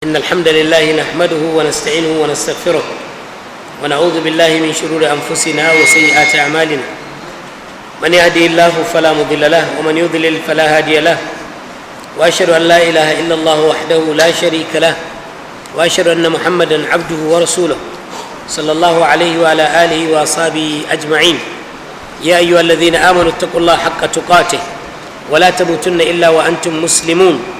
إن الحمد لله نحمده ونستعينه ونستغفره ونعوذ بالله من شرور أنفسنا وسيئات أعمالنا من يهدي الله فلا مضل له ومن يضلل فلا هادي له وأشهد أن لا إله إلا الله وحده لا شريك له وأشهد أن محمدا عبده ورسوله صلى الله عليه وعلى آله وأصحابه أجمعين يا أيها الذين آمنوا اتقوا الله حق تقاته ولا تموتن إلا وأنتم مسلمون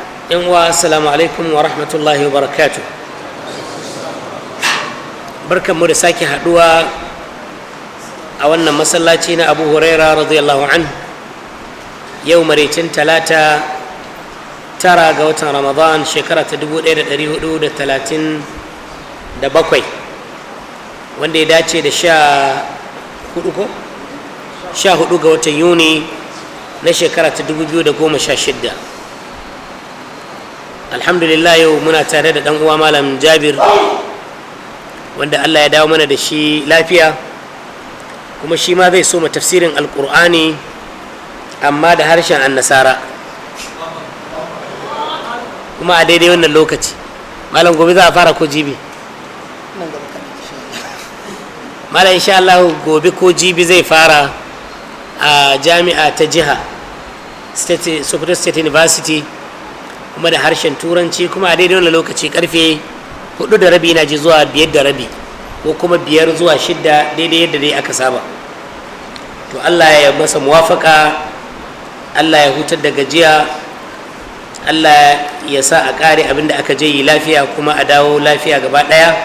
yan wa assalamu alaikum wa rahmatullahi wa barakatu barkanmu da sake haduwa a wannan masallaci na abu huraira radiyallahu an yau maraicin talata tara ga watan ramadan shekara ta 1437 wanda ya dace da sha hudu ko sha hudu ga watan yuni na shekara ta 2016 alhamdulillah yau muna tare da dan uwa malam jabir wanda allah ya dawo mana da shi lafiya kuma shi ma zai so ma tafsirin alkur'ani amma da harshen annasara kuma a daidai wannan lokaci malam gobe za a fara ko jibi malam insha Allah gobe ko jibi zai fara a jami'a ta jiha state, state university kuma da harshen turanci kuma a daidai wani lokaci karfe hudu da rabi na ji zuwa biyar da rabi ko kuma biyar zuwa shidda daidai yadda dai aka saba to allah ya masa muwafaka allah ya hutar da gajiya allah ya sa a kare abin da aka je yi lafiya kuma a dawo lafiya gaba daya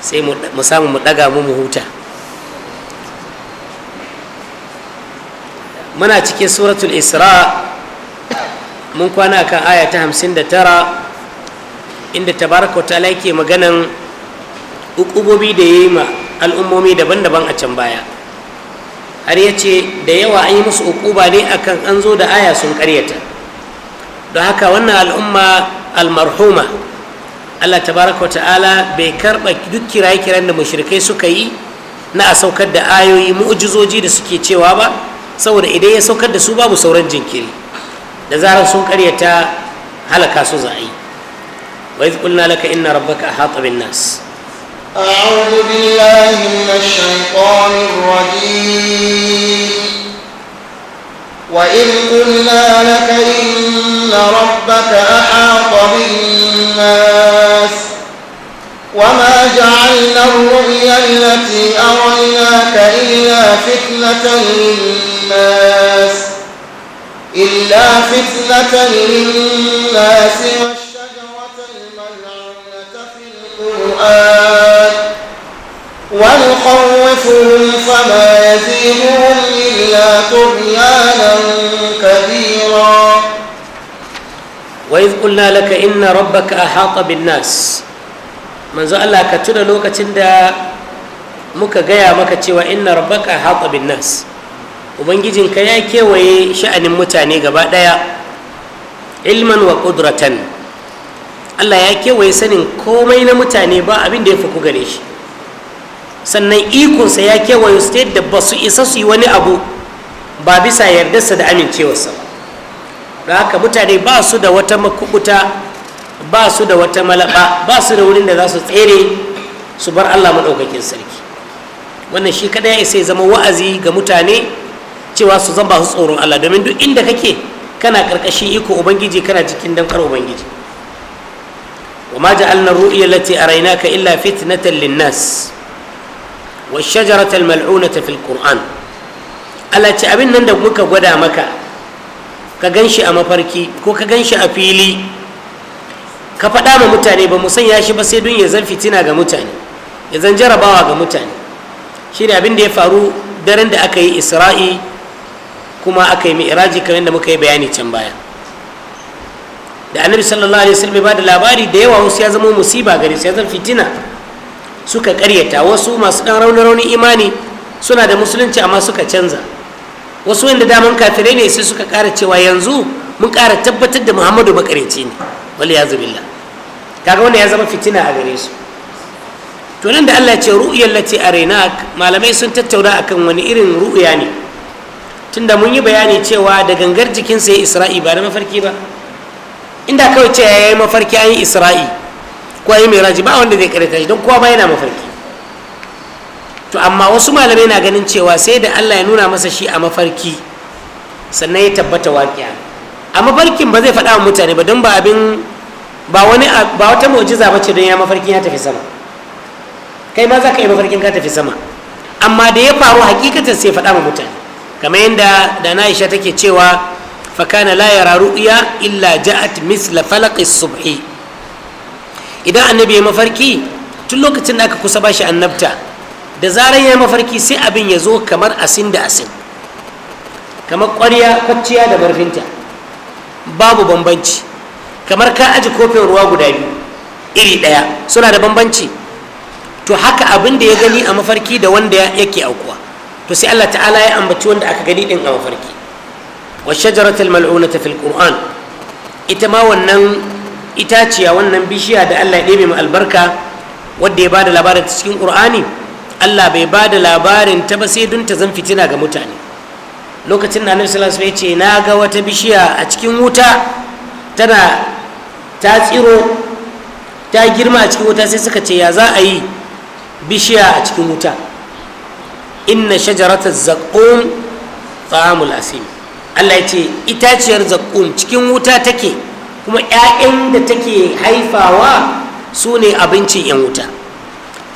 sai mu samu mu daga mu mu huta muna cikin suratul isra' mun kwana kan aya ta hamsin da tara inda tabaraka ta laike maganan ukubobi da ya yi ma al'ummomi daban-daban a can baya har ya ce da yawa an yi musu ukuba ne akan an zo da aya sun karyata don haka wannan al'umma almarhuma allah tabaraka ta'ala bai karɓa duk kiraye-kiran da mashirikai suka yi na a saukar da ayoyi mu'ujizoji da suke cewa ba saboda idan ya saukar da su babu sauran jinkiri da zarar sun karyata halaka su za a yi wa iz qulna laka inna rabbaka ahata bin nas a'udhu billahi minash shaitanir rajim wa iz qulna laka inna rabbaka ahata bin nas وما جعلنا الرؤيا التي أريناك إلا فتنة للناس إلا فتنة للناس والشجرة في القرآن ونخوفهم فما يزيدهم إلا طغيانا كبيرا وإذ قلنا لك إن ربك أحاط بالناس من زال لك تنا لوكة مكا gaya maka cewa inna rabbaka hata ubangijinka ya kewaye sha'anin mutane gaba ɗaya ilman wa ƙudratan allah ya kewaye sanin komai na mutane ba abin da ya fuku gare shi sannan ikonsa ya kewaye su ta yadda ba su isa su yi wani abu ba bisa yardarsa da amincewarsa da haka mutane ba su da wata makubuta ba su da wata malaba ba su da wurin da za su tsere su bar allah maɗaukakin sarki wannan shi kaɗai ya isa ya zama wa'azi ga mutane cewa su zan su tsoron Allah domin duk inda kake kana karkashin iko ubangiji kana cikin damkar ubangiji wa ma ja'alna ru'ya allati araynaka illa fitnatan lin-nas wash-shajarata al-mal'unata fil qur'an Allah ce abin nan da muka gwada maka ka ganshi a mafarki ko ka ganshi a fili ka faɗa ma mutane ba mu sanya shi ba sai don ya zan fitina ga mutane ya zan jarabawa ga mutane shine abin da ya faru daren da aka yi isra'i kuma aka yi mi'raji kamar yadda muka yi bayani can baya da annabi sallallahu alaihi wasallam ba da labari da yawa wasu ya zama musiba gare su ya zama fitina suka karyata wasu masu dan rauni rauni imani suna da musulunci amma suka canza wasu wanda daman kafirai ne sai suka kara cewa yanzu mun kara tabbatar da muhammadu bakareci ne wal ya zubilla kaga wanda ya zama fitina a gare su to nan da Allah ya ce ru'yal lati arenak malamai sun tattauna akan wani irin ru'uya ne tunda mun yi bayani cewa da gangar jikinsa ya isra'i ba da mafarki ba inda kawai ce ya yi mafarki an yi isra'i ko an yi miraji ba wanda zai karanta shi don kowa ba yana mafarki to amma wasu malamai na ganin cewa sai da allah ya nuna masa shi a mafarki sannan ya tabbata waƙiya a mafarkin ba zai faɗa wa mutane ba don ba abin ba wani ba wata mu'jiza ba ce don ya mafarkin ya tafi sama kai ma za ka yi mafarkin ka tafi sama amma da ya faru hakikatan sai faɗa wa mutane kamar yadda da Aisha take cewa fakana la yara ru'ya illa ja'at misla falaqis subhi idan annabi ya mafarki tun lokacin da aka kusa bashi annabta da zaran ya mafarki sai abin ya zo kamar asin da asin kamar ƙwarya kwacciya da barfinta babu bambanci kamar ka aji kofin ruwa guda biyu iri ɗaya suna da bambanci to haka abin da ya gani a mafarki da wanda yake aukuwa to sai Allah ta'ala ya ambaci wanda aka gani din a mafarki wa shajaratul mal'unata fil qur'an ita ma wannan itaciya wannan bishiya da Allah ya ɗebe mu albarka wadda ya bada labarin ta cikin qur'ani Allah bai bada labarin ta ba sai dun ta zan fitina ga mutane lokacin da Annabi sallallahu alaihi wasallam ya ce na ga wata bishiya a cikin wuta tana ta tsiro ta girma a cikin wuta sai suka ce ya za a yi bishiya a cikin wuta inna shajaratar zakkun tsamul asim Allah ya ce itaciyar zakkun cikin wuta take kuma 'ya'yan da take haifawa su ne abincin 'yan wuta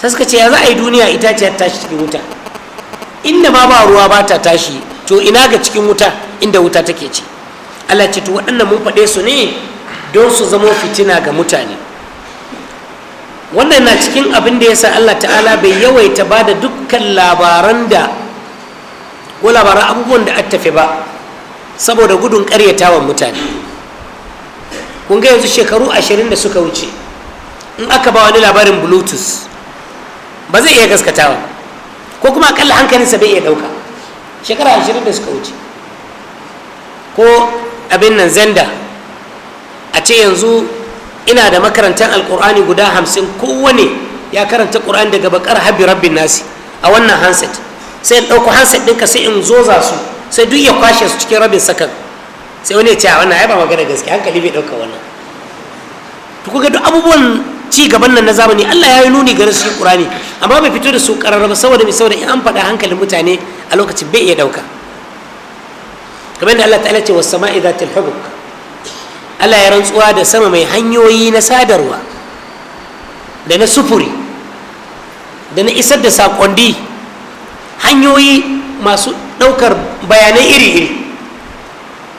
Saska suka ce ya za a yi duniya itaciyar tashi cikin wuta inda ma ba ruwa ba ta tashi to ina ga cikin wuta inda wuta take ce Allah ce to waɗannan mun faɗe su ne don su zamo fitina ga mutane wannan na cikin abin da ya sa allah ta'ala bai yawaita ba da dukkan labaran da ko labaran abubuwan da an tafi ba saboda gudun karyatawan mutane kun ga yanzu shekaru ashirin da suka wuce in aka ba wani labarin bluetooth ba zai iya gaskatawa ko kuma akalla hankalinsa bai iya ɗauka shekara ashirin da suka wuce ko abin nan zanda a ce yanzu ina da makarantar alkur'ani guda hamsin kowane ya karanta ƙur'ani daga bakar habi rabbin nasi a wannan handset sai in ɗauko handset ɗinka sai in zoza su sai duk ya kwashe su cikin rabin sakan sai wani ya ce a wannan ai ba magana gaske hankali bai ɗauka wannan to kuka duk abubuwan ci gaban nan na zamani Allah ya yi nuni ga rashin ƙur'ani amma bai fito da su ƙararra ba saboda mai saboda in an faɗa hankalin mutane a lokacin bai iya ɗauka kamar da Allah ta'ala ce wasu sama'i ta hubuk allah ya rantsuwa da sama mai hanyoyi na sadarwa da na sufuri da na isar da saƙonni hanyoyi masu ɗaukar bayanai iri-iri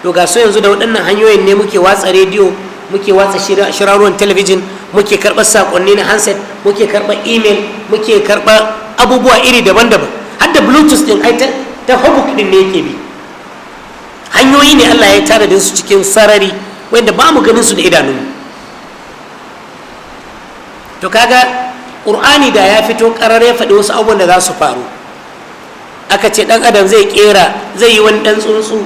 to ga so yanzu da waɗannan hanyoyin ne muke watsa rediyo muke watsa shirarruwan talabijin muke karɓar saƙonni na handset muke karɓar email muke karɓar abubuwa iri daban-daban har da bluetooth ɗin ai ta hobuk ɗin ne yake bi hanyoyi ne allah ya tanadin su cikin sarari wanda ba mu ganin su da idanu to kaga ƙur'ani da ya fito ƙarar ya faɗi wasu abubuwan da za su faru aka ce ɗan adam zai ƙera zai yi wani ɗan tsuntsu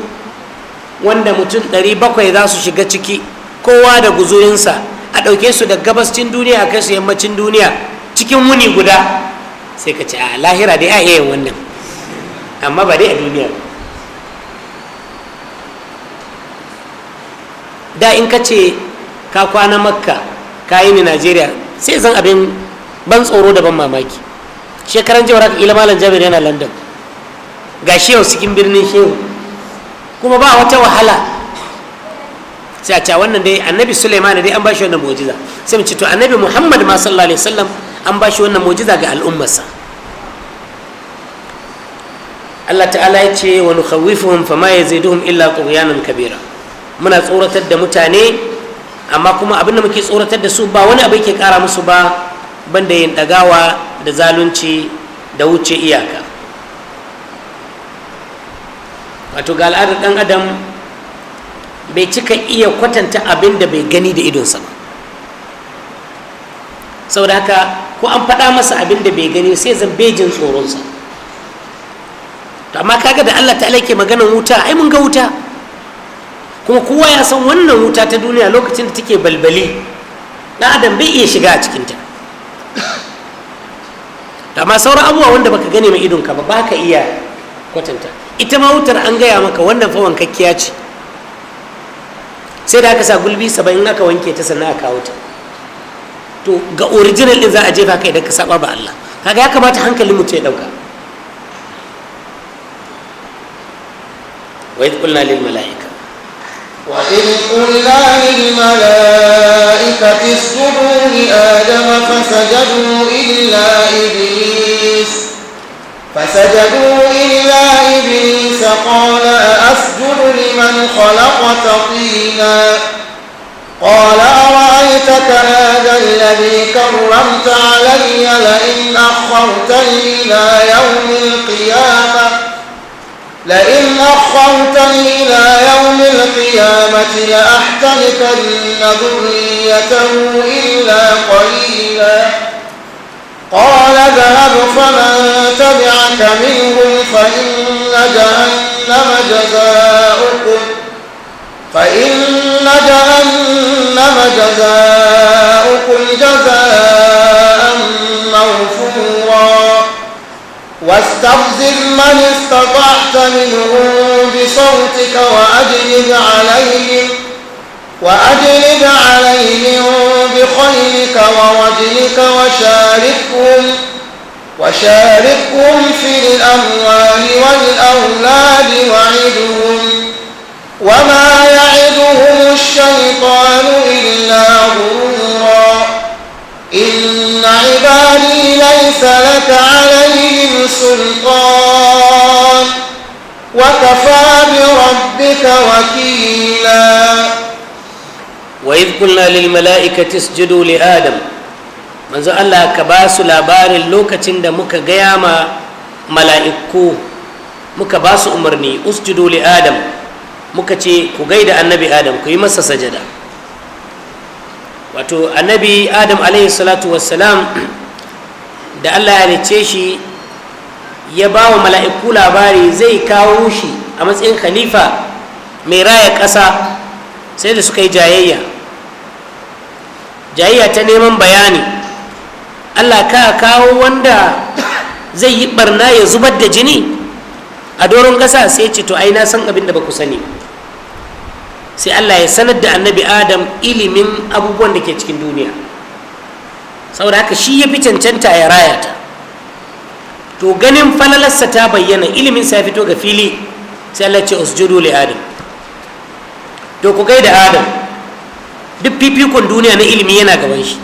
wanda mutum ɗari bakwai za su shiga ciki kowa da guzurinsa a ɗauke su da gabas cin duniya a kai su yammacin duniya cikin wuni guda sai ka ce a lahira dai a iya wannan amma ba dai a duniya da in ka ce ka kwana makka ka yi ni najeriya sai zan abin ban tsoro da ban mamaki shekaran jawar haka ila malam jabir yana london ga shi yau cikin birnin shehu kuma ba wata wahala sai a ce wannan dai annabi suleiman dai an ba shi wannan mu'jiza sai mu ce to annabi muhammad ma sallallahu alaihi wasallam an ba shi wannan mu'jiza ga al'ummarsa Allah ta'ala ya ce wa nukhawwifuhum fama yaziduhum illa tughyanan kabira muna tsoratar da mutane amma kuma abin da muke tsoratar da su ba wani abu yake kara musu ba banda yin dagawa da zalunci da wuce iyaka wato ga al'adar dan adam bai cika iya kwatanta abin da bai gani da idonsa ba saboda haka ko an faɗa masa abin da bai gani sai zan bejin tsoronsa to amma kaga da allah ta ke maganar wuta ai mun ga wuta kuma kowa ya san wannan wuta ta duniya lokacin da take balbali na adam bai iya shiga a cikinta amma sauran abuwa wanda baka gane mai idonka ba baka iya kwatanta ita ma wutar an gaya maka wannan fa wankakkiya ce sai da aka sa gulbi in aka wanke ta sannan a kawo ta to ga original din za a jefa kai idan ka saba ba Allah kaga ya kamata hankalin mutum ya dauka wa idh lil mala'ika وإذ قلنا للملائكة اسجدوا لآدم فسجدوا إلا إبليس فسجدوا إلا إبليس قال أأسجد لمن خلقت طينا قال أرأيتك هذا الذي كرمت علي لئن أخرتني إلى يوم القيامة لئن أخرتني إلى يوم القيامة لأحتلكن ذريته إلا قليلا قال ذهب فمن تبعك منهم فإن جهنم جزاؤكم فإن جهنم جزاؤكم جزاؤكم واستفزر من استطعت منهم بصوتك وأجلب عليهم وأجلب عليهم بخيلك ورجلك وشاركهم وشاركهم في الأموال والأولاد وعدهم وما يعدهم الشيطان إلا غرورا إن عبادي ليس لك عليهم سلطان وكفى بربك وكيلا وإذ قلنا للملائكة اسجدوا لآدم من زال الله كباس لابار اللوكة دمك قياما ملائكو muka ba umarni usjudu li adam muka ce ku gaida annabi adam ku masa sajada wato annabi adam da allah ya halice shi ya ba wa mala'iku labari zai kawo shi a matsayin khalifa mai raya ƙasa sai da suka yi jayayya jayayya ta neman bayani allah ka kawo wanda zai yi barna ya zubar da jini a doron ƙasa sai ce to aina san abin da ba ku sani sai allah ya sanar da annabi adam ilimin abubuwan da ke cikin duniya saboda haka shi ya fi cancanta ya raya ta to ganin falalarsa ta bayyana ilimin sa fito ga fili sai Allah ce usjudu li adam to ku gaida adam duk fifikon duniya na ilimi yana gaban shi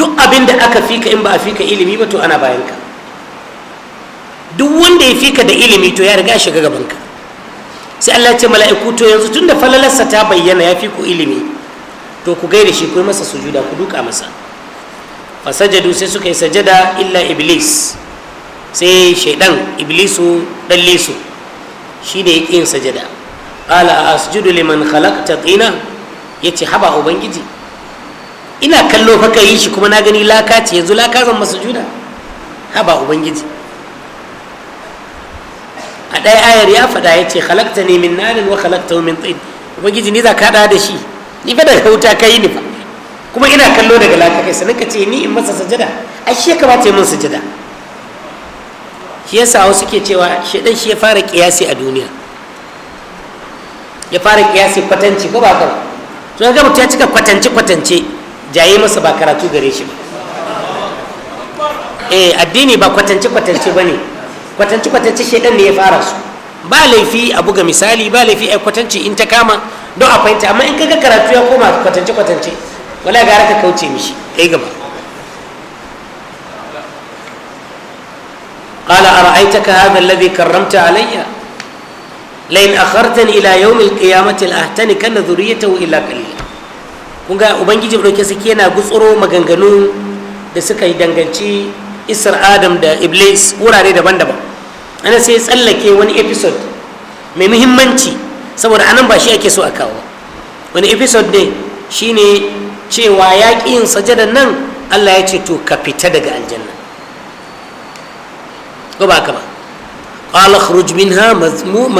duk abin da aka fika in ba a fika ilimi ba to ana bayan ka duk wanda ya fika da ilimi to ya riga shiga gaban ka sai Allah ce mala'iku to yanzu tunda falalarsa ta bayyana ya fiko ilimi to ku gaida shi ku yi masa sujuda ku duka masa fasajadu sai suka yi sajada illa iblis sai shaidan iblisu dallisu shi ne ya yin sajada qala asjudu liman khalaqta tina ce haba ubangiji ina kallo fa yi shi kuma na gani laka ce yanzu laka zan masa juda haba ubangiji a ɗaya ayar ya faɗa ya ce halakta ne min narin wa halakta min tsini ubangiji ni za ka da shi ni fa daga wuta ka yi ni fa kuma ina kallo daga laka kai sanin ka ce ni in masa sajada ashe ka ba ta yi min sajada shi yasa wasu suke cewa shaidan shi ya fara kiyasi a duniya ya fara kiyasi kwatanci ko ba kawai to ga mutum ya cika kwatance kwatance jaye masa ba karatu gare shi ba eh addini ba kwatance kwatance bane kwatance kwatance shaidan ne ya fara su ba laifi a buga misali ba laifi a kwatance in ta kama don a fahimta amma in kaga karatu ya koma kwatance kwatance wala gara ka kauce mishi kai gaba قال أرأيتك هذا الذي كرمت علي لئن أخرتني إلى يوم القيامة لأهتنكن ذريته إلا قليلا kunga ubangiji ɗauke suke yana gutsuro maganganu da suka yi danganci isar adam da iblis wurare daban-daban ana sai tsallake wani episode mai muhimmanci saboda anan ba shi ake so a kawo wani episode ne shine cewa yaƙi yin nan allah ya ce to ka fita daga aljanna ko ba haka ba qala khruj minha mazmuman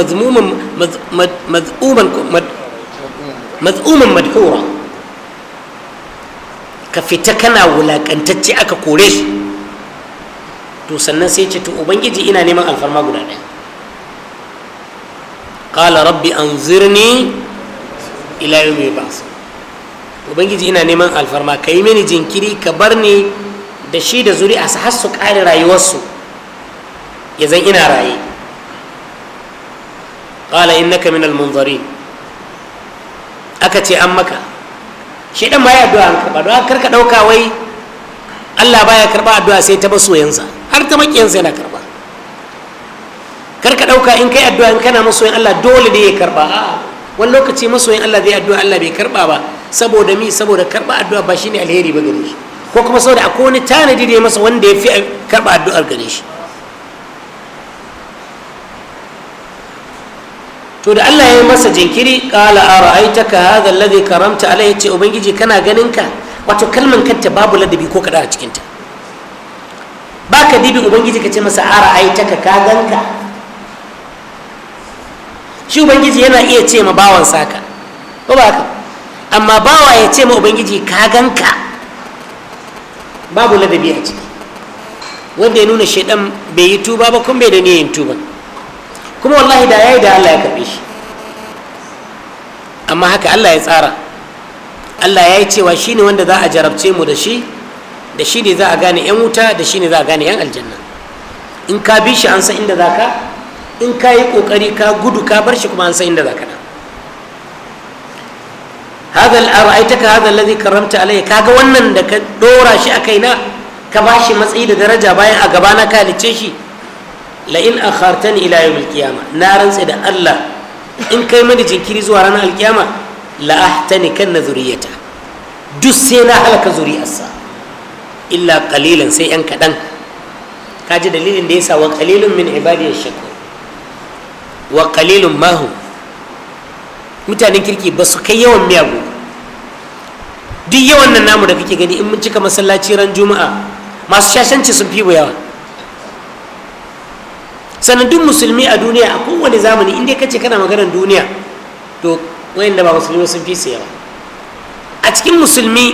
mazmuman mazmuman madhura ka fita kana wulakantacce aka kore shi to sannan sai ce to ubangiji ina neman alfarma guda daya. qala rabbi anzirni ila yawmi yub'as ubangiji ina neman alfarma ka yi mini jinkiri ka bar ni da shi da zuri'a su har su ƙare rayuwarsu ya zan ina raye qala innaka min minal munzarin aka ce an maka shi dan ma ya addu'a an karba don karka dauka wai Allah baya karba addu'a sai ta masoyansa har ta maƙiyansa yana karba karka dauka in kai addu'a in kana masoyin Allah dole dai ya karba a'a wani lokaci masoyin Allah zai addu'a Allah bai karba ba saboda mi saboda karba addu'a ba shine alheri ba gare shi ko kuma saboda akwai wani tanadi da ya masa wanda ya fi karba addu'ar gare shi to da Allah ya yi masa jinkiri qala ka hadha alladhi karamta ya ce ubangiji kana ganin ka wato kalman kanta babu ladabi ko kaɗa a cikinta? Ba ka dibi ubangiji ka ce masa ara'aitaka ka ka shi ubangiji yana iya ce ma bawan saka ko ba ka? amma bawa ya ce ma ubangiji ka ka babu ladabi a ciki wanda ya nuna shaidan bai yi tuba ba kuma bai da niyyar tuban kuma wallahi da ya yi da Allah ya karbe shi amma haka Allah ya tsara Allah ya yi cewa shi ne wanda za a jarabce mu da shi da shi ne za a gane 'yan wuta da shi ne za a gane 'yan aljanna in ka bi shi an san inda za ka in ka yi ƙoƙari ka gudu ka bar shi kuma an san inda za ka na hadal ara'aitaka hadal ladhi karamta alayya kaga wannan da ka dora shi a kaina ka bashi matsayi da daraja bayan a gabana ka halicce shi la'in akhartani ila yawmil qiyama na rantse da Allah in kai mani jinkiri zuwa ranar alkiyama la ahtani kanna zuriyata duk sai na halaka zuri'arsa illa qalilan sai yan kadan kaji dalilin da ya sa wa qalilun min ibadiyash shakur wa qalilun mahu mutanen kirki ba su kai yawan miyagu duk yawan nan namu da kake gani in mun cika masallaci ran juma'a masu shashanci sun fi yawa sanadun musulmi a duniya a kowane zamani inda ce kana maganar duniya to wayanda ba musulmi sun fi yawa a cikin musulmi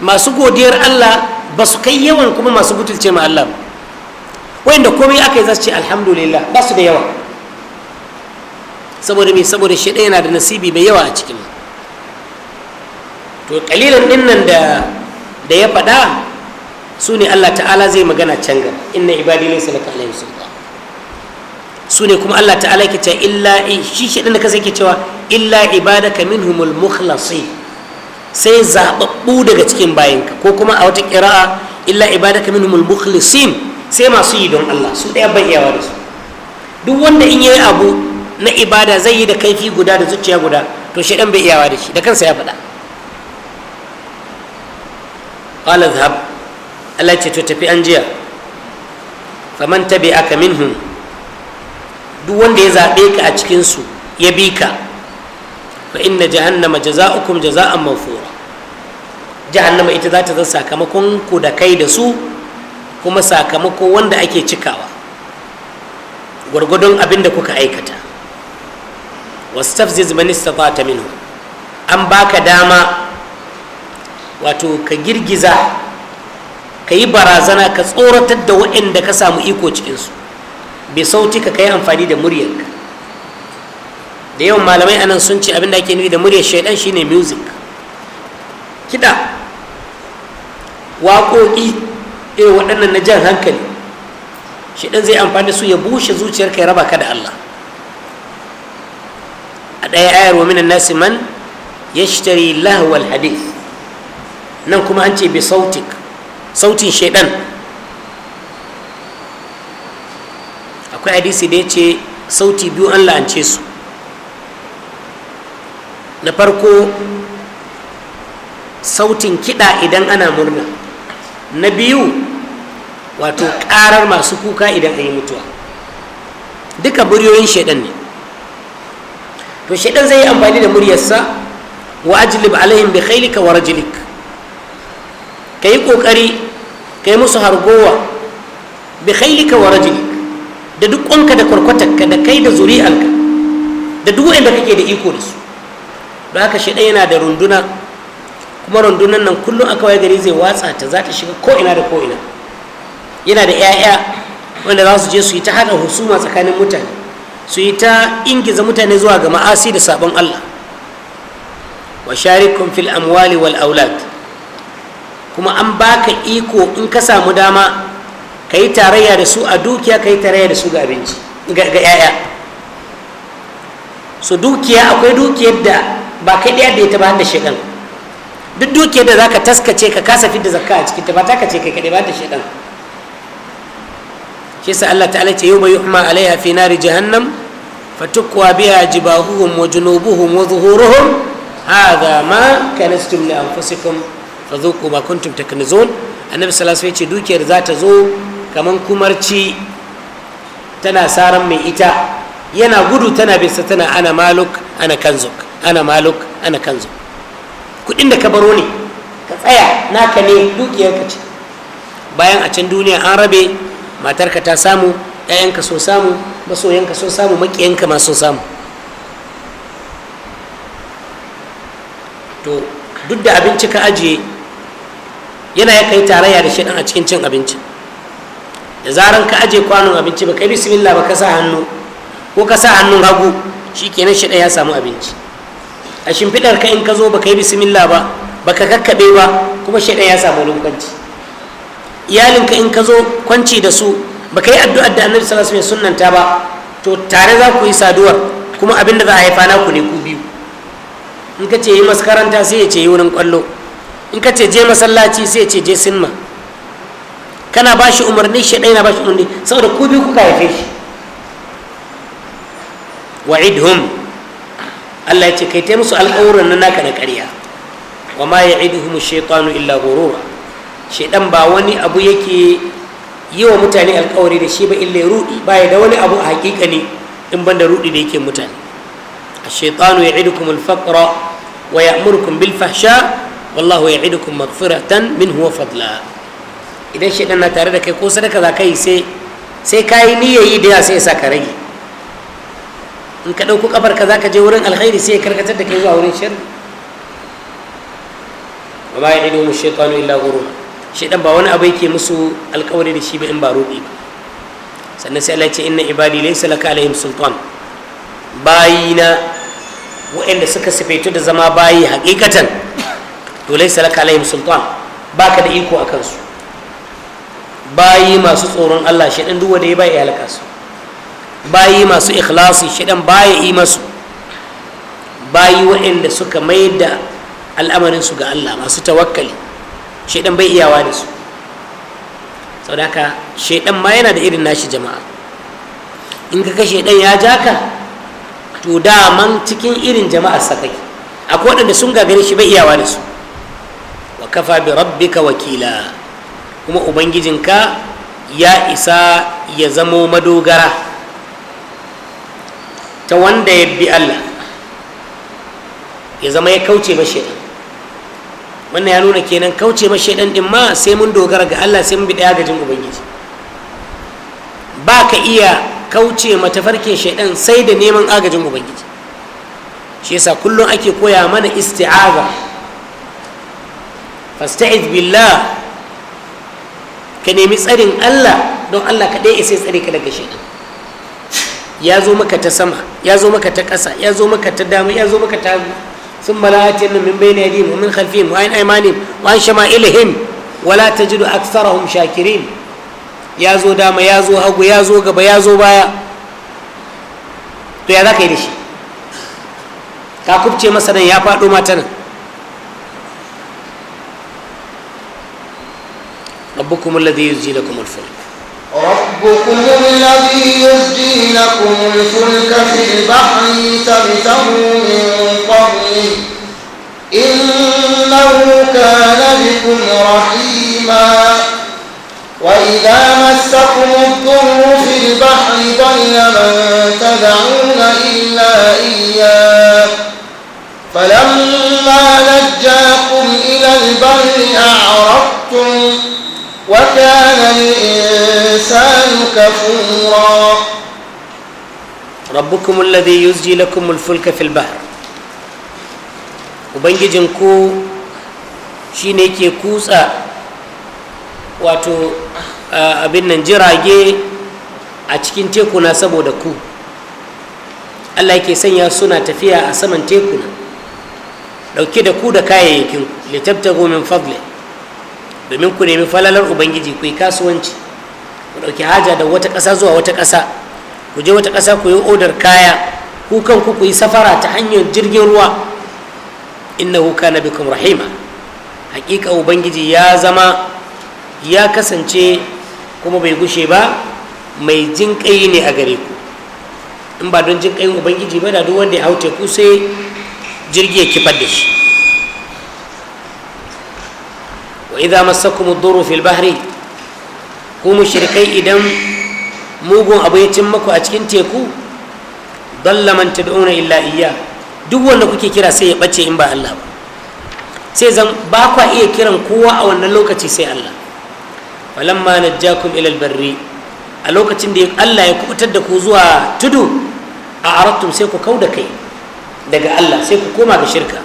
masu godiyar Allah ba su kai yawan kuma masu butulce ma Allah ba wayanda komai aka yi za su ce alhamdulillah ba su da yawa saboda me saboda shi yana da nasibi mai yawa a cikin to kalilan din nan da da ya faɗa su ne Allah ta'ala zai magana can gaba inna ibadi laysa laka alaihim su ne kuma Allah ta'ala ke cewa illa shi shi da kasa ke cewa illa ibadaka minhumul mukhlasi sai zababbu daga cikin bayanka ko kuma a wata qira'a illa ibadaka minhumul mukhlasin sai masu yi don Allah su ɗaya bai yawa da su duk wanda in yayi abu na ibada zai yi da kaifi guda da zuciya guda to shi shedan bai iyawa da shi da kansa ya faɗa qala dhhab Allah ce to tafi an jiya faman tabi'aka minhum duk wanda ya zaɓe ka a cikinsu ya bi ka fa inna jahannama jaza'ukum jaza'an mawfura jahannama ita za ta zan sakamakon ku da kai da su kuma sakamako wanda ake cikawa gwargwadon abin da kuka aikata wastafziz man istata minhu an baka dama wato ka girgiza ka yi barazana ka tsoratar da waɗanda ka samu iko cikinsu bi sautika yi amfani da muryarka da yawan malamai anan sun ce abinda ake nufi da muryar shaidan shine music kiɗa waƙoƙi irin waɗannan na jan hankali shaidan zai amfani da su ya bushe zuciyarka ya raba ka da Allah a ɗaya ayar wa minan nasi man yashtari lahwal hadith nan kuma an ce bi sautik sautin shaidan akwai hadisi da ya ce sauti biyu an la'ance su na farko sautin kiɗa idan ana murna na biyu wato ƙarar masu kuka idan an yi mutuwa duka buryoyin shaidan ne to shaidan zai yi amfani da muryarsa wa ajlib alaihim bi khailika wa rajlik ka yi ƙoƙari ka yi musu hargowa bi khailika wa rajlik da duk ƙwanka da kwarkwatarka da kai da zuri'anka da duk wanda kake da iko da su don haka shi ɗaya yana da runduna kuma rundunan nan kullum aka waye gari zai watsa ta za ta shiga ko'ina da ko'ina yana da 'ya'ya wanda za su je su yi ta haɗa husuma tsakanin mutane su yi ta ingiza mutane zuwa ga ma'asi da sabon allah wa sharikun fil amwali wal aulad kuma an baka iko in ka samu dama ka yi tarayya da su a dukiya ka yi tarayya da su ga abinci ga 'ya'ya so dukiya akwai dukiyar da ba kai ɗaya da ita ba da shekan duk dukiyar da za ka taskace ka kasa fidda zakka a cikinta ba ta kace kai kaɗai ba da shekan shi sa Allah ta'ala ce yau bai yuhma alaiha fi nari jahannam fatukwa biya jibahuhum wa junubuhum wa zuhuruhum hadha ma kanastum li anfusikum fadhuqu ma kuntum taknizun annabi sallallahu alaihi wasallam ya ce dukiyar za ta zo kamar kumarci tana saran mai ita yana gudu tana bisa tana ana maluk ana kanzuk ana maluk ana kanzuk kudin da ka baro ne ka tsaya naka ne ka ce bayan a can duniya an rabe matarka ta samu 'ya'yanka so samu masoyanka so samu maƙiyanka ma so samu to duk da abinci ka ajiye yana ya kai tarayya da shi a cikin cin abinci. da zaran ka aje kwanon abinci ba kai bismillah ba ka sa hannu ko ka sa hannun hagu shikenan shi ya samu abinci a shimfiɗar ka in ka zo ba kai bismillah ba ba ka kakkaɓe ba kuma shi ya samu iyalin iyalinka in ka zo kwanci da su ba kai addu'ar da annabi sallallahu alaihi wasallam sunnanta ba to tare za ku yi saduwar kuma abin da za a haifa naku ne ku biyu in ka ce yi maskaranta sai ya ce yi wurin kwallo in ka ce je masallaci sai ya ce je sinma kana ba shi umarni shi ɗaya na ba shi umarni saboda ku biyu kuka haife shi wa'idhum Allah ya ce kai ta musu alƙawuran na naka na ƙarya wa ma ya'iduhum shaytanu illa ghurura shaydan ba wani abu yake yi wa mutane alƙawari da shi ba illa rudi ba ya da wani abu a haƙiƙa ne in ban da rudi da yake mutane ash-shaytanu ya'idukum al-faqra wa ya'murukum bil fahsha wallahu minhu wa fadla idan shaidan na tare da kai ko sadaka za ka yi sai ka yi niyyar yi da sai ya sa ka rage in ka ɗauko kafar ka za ka je wurin alkhairi sai ya karkatar da kai zuwa wurin shirin ba ma ido mu shaytanu illa ghurura shaidan ba wani abu yake musu alkawari da shi ba in ba roƙi ba sannan sai Allah ya ce inna ibadi laysa laka alaihim sultan bayina waɗanda suka sifaitu da zama bayi hakikatan to laysa laka alaihim sultan baka da iko akan su bayi masu tsoron Allah shaɗan duk wanda ya bai halaka su bayi masu ikhlasi shaɗan baya yi masu bayi waɗanda suka mai da al'amarin su ga Allah masu tawakkali shaɗan bai iyawa da su sau da haka shaidan ma yana da irin nashi jama'a in ka kashe ɗan ya ja ka to daman cikin irin jama'ar sa kai akwai waɗanda sun gagare shi bai iyawa da su wa kafa bi rabbika wakila kuma ubangijinka ya isa ya zamo madogara ta wanda ya bi Allah ya zama ya kauce mashaidan wannan ya nuna kenan kauce mashaidan din ma sai mun dogara ga Allah sai mun bi daya gajin ubangiji ba ka iya kauce matafarkin shaidan sai da neman agajin ubangiji shi yasa kullum ake koya mana isti'aza fasta'iz billah ka nemi tsarin Allah don Allah ka ya isai tsare ka daga shaidan ya zo maka ta sama ya zo maka ta ƙasa ya zo maka ta dama ya zo maka ta sun malatin nan min bayna yadihim wa min khalfihim wa an aymanihim wa an shama'ilihim wala tajidu aktsarahum shakirin ya zo dama ya zo hagu ya zo gaba ya zo baya to ya za ka yi da shi ka kubce masa nan ya faɗo mata nan ربكم الذي يزجي لكم الفلك ربكم الذي يزجي لكم الفلك في البحر تبتغوا من قبله إنه كان بكم رحيما وإذا مسكم الضر في البحر ضل من تدعون إلا إياه فلما نجاكم إلى البر أعرضتم وكان الإنسان كفورا ربكم الذي يزجي لكم الفلك في البحر ubangijinku shi ne ke kutsa wato abin nan jirage a cikin tekuna saboda ku allah ke sanya suna tafiya a saman tekuna dauke da ku da kayayyakin litabtago min fadli domin ku nemi falalar ubangiji ku yi kasuwanci ku ɗauki haja da wata ƙasa zuwa wata ƙasa ku je wata ƙasa ku yi odar kaya ku kanku ku yi safara ta hanyar jirgin ruwa innahu kana bikum rahima hakika ubangiji ya zama ya kasance kuma bai gushe ba mai jinƙai ne a gare ku in ba don jinƙayin ubangiji ba da duk wanda ya hau ku sai jirgi ya kifar da shi wa idza saku ad-durru fil bahri ku mushrikai idan mugun abu ya cin maku a cikin teku dalla man tad'una illa iyya duk wanda kuke kira sai ya bace in ba Allah ba sai zan ba kwa iya kiran kowa a wannan lokaci sai Allah falamma najjakum ilal albarri a lokacin da Allah ya kubutar da ku zuwa tudu a arattum sai ku kauda kai daga Allah sai ku koma ga shirka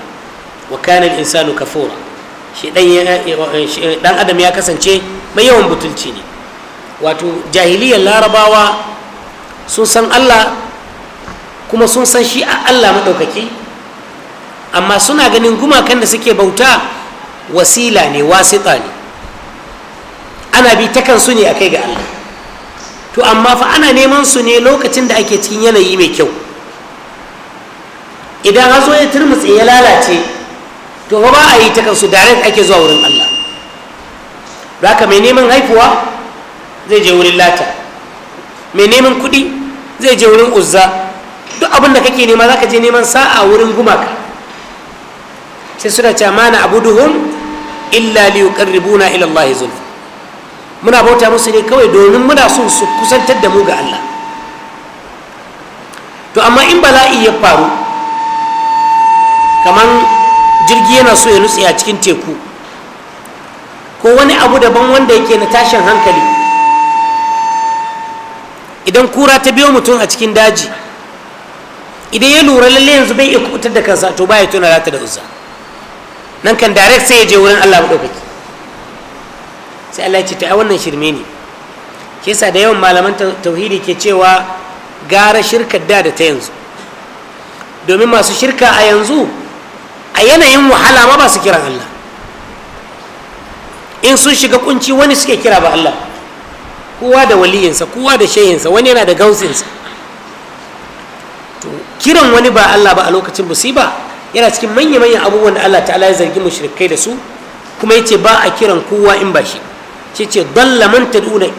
wa kana al-insanu kafura shi dan adam ya kasance mai yawan butulci ne wato jahiliyar larabawa sun san allah kuma sun san shi a allah maɗaukaki amma suna ganin gumakan da suke bauta wasila ne wasita ne ana bi ta kansu ne a kai ga allah to amma fa ana neman su ne lokacin da ake cikin yanayi mai kyau idan hazo ya turmutse ya lalace to ba a yi ta kansu direct ake zuwa wurin Allah da haka mai neman haifuwa zai je wurin lata mai neman kuɗi zai je wurin uzza duk abin da kake nema zaka je neman sa'a wurin gumaka sai suna ce mana abuduhum illa li yuqarribuna ila Allah zulfa muna bauta musu ne kawai domin muna son su kusantar da mu ga Allah to amma in bala'i ya faru kaman jirgi yana so ya nutse a cikin teku ko wani abu daban wanda yake na tashin hankali idan kura ta biyo mutum a cikin daji idan ya lura lalle yanzu bai iya kubutar da kansa to baya tuna rata da uzza nan kan direct sai ya je wurin Allah madaukaki sai Allah ya ce to ai wannan shirme ne ke yasa da yawan malaman tauhidi ke cewa gara shirka da da ta yanzu domin masu shirka a yanzu a yanayin wahala ma ba su kiran Allah in sun shiga kunci wani suke kira ba Allah kowa da waliyinsa kowa da shayinsa wani yana da gausinsa to kiran wani ba Allah ba a lokacin musiba yana cikin manya-manyan abubuwan da Allah ta'ala ya zargi mushrikai da su kuma yace ba a kiran kowa in ba shi ce ce dalla man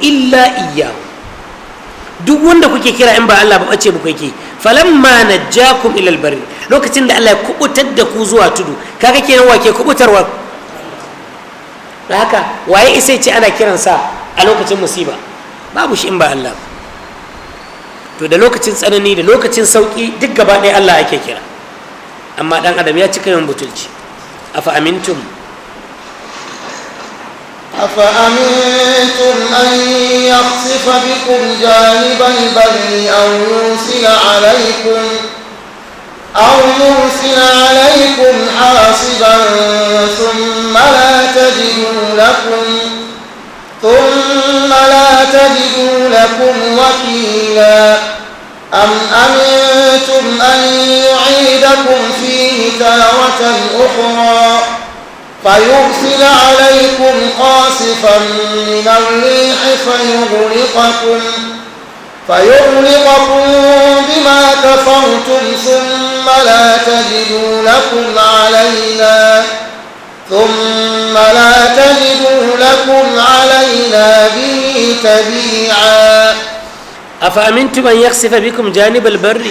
illa iyyahu duk wanda kuke kira in ba Allah ba bace muku falamma najjakum ilal bari lokacin da Allah ya kubutar da ku zuwa tudu kaga kenan ke kubutarwa da haka waye isai ce ana kiransa a lokacin musiba babu shi in ba Allah to da lokacin tsanani da lokacin sauki duk gaba ɗaya Allah ake kira amma dan adam ya cika yin butulci afa amintum أفأمنتم أن يخصف بكم جانب البر أو يرسل عليكم أو يرسل عليكم حاصبا ثم لا تجدوا لكم ثم لا تجدوا لكم وكيلا أم أمنتم أن يعيدكم فيه تارة أخرى فيرسل عليكم قاصفا من الريح فيغلقكم فيغلقكم بما كفرتم ثم لا تجدوا لكم علينا ثم لا تجدوا لكم علينا به تبيعا أفأمنتم أن يخسف بكم جانب البر؟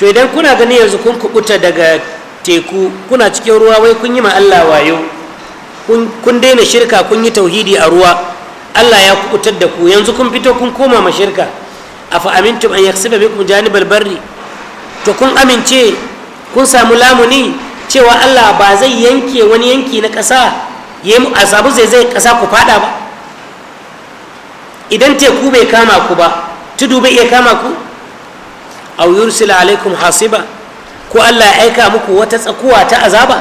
فإذا كنا غنيا gani yanzu دقاق teku kuna cikin ruwa wai kun yi ma Allah wayo kun daina shirka kun yi tauhidi a ruwa Allah ya kubutar da ku yanzu kun fito kun koma ma shirka afa amintum an yaksiba bikum janibal barri to kun amince kun samu lamuni cewa Allah ba zai yanke wani yanki na ƙasa a sabu zai zai ƙasa ku fada ba idan teku bai kama ku ba tudu bai iya kama ku aw yursila alaikum hasiba ko Allah ya aika muku wata tsakuwa ta azaba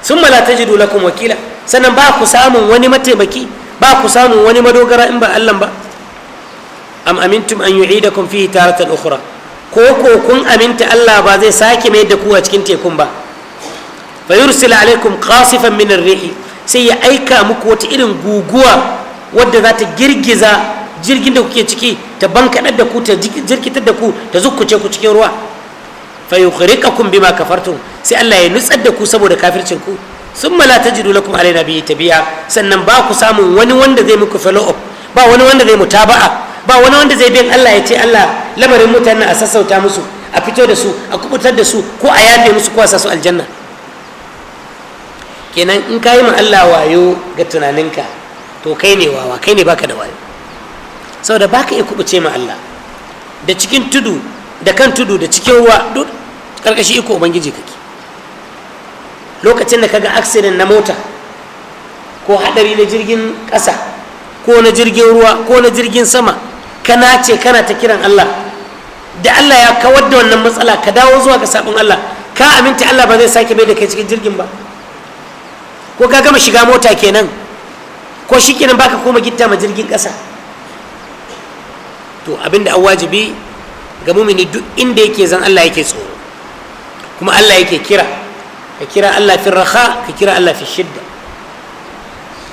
sun mala ta jidu lakum wakila sannan ba ku samun wani mataimaki ba ku samun wani madogara in ba Allah ba am amintum an yu'idakum fihi taratan ukhra ko ko kun aminta Allah ba zai sake mai da ku a cikin tekun ba fa yursil alaikum qasifan min ar sai ya aika muku wata irin guguwa wadda za ta girgiza jirgin da kuke ciki ta bankaɗar da ku ta jirkitar da ku ta zukkuce ku cikin ruwa fa yukhriqukum bima kafartum sai Allah ya nutsar da ku saboda kafircin ku summa la tajidu lakum alaina ta tabiya sannan ba ku samun wani wanda zai muku follow up ba wani wanda zai mutaba'a ba wani wanda zai bin Allah ya ce Allah lamarin mutane a sassauta musu a fito da su a kubutar da su ko a yafe musu ko a sa su aljanna kenan in kayi ma Allah wayo ga tunaninka to kai ne wawa kai ne baka da wayo saboda baka iya kubuce ma Allah da cikin tudu da kan tudu da cikin ruwa duk karkashi iko ubangiji kake lokacin da kaga accident na mota ko hadari na jirgin kasa ko na jirgin ruwa ko na jirgin sama kana ce kana ta kiran Allah da Allah ya kawar da wannan matsala ka dawo zuwa ga sabon Allah ka aminta Allah ba zai sake mai da kai cikin jirgin ba ko ka gama shiga mota kenan ko shikenan baka koma gitta ma jirgin kasa to abinda an wajibi ga mumini duk inda yake zan Allah yake tsoro kuma Allah yake kira ka kira Allah fi raha ka kira Allah fi shidda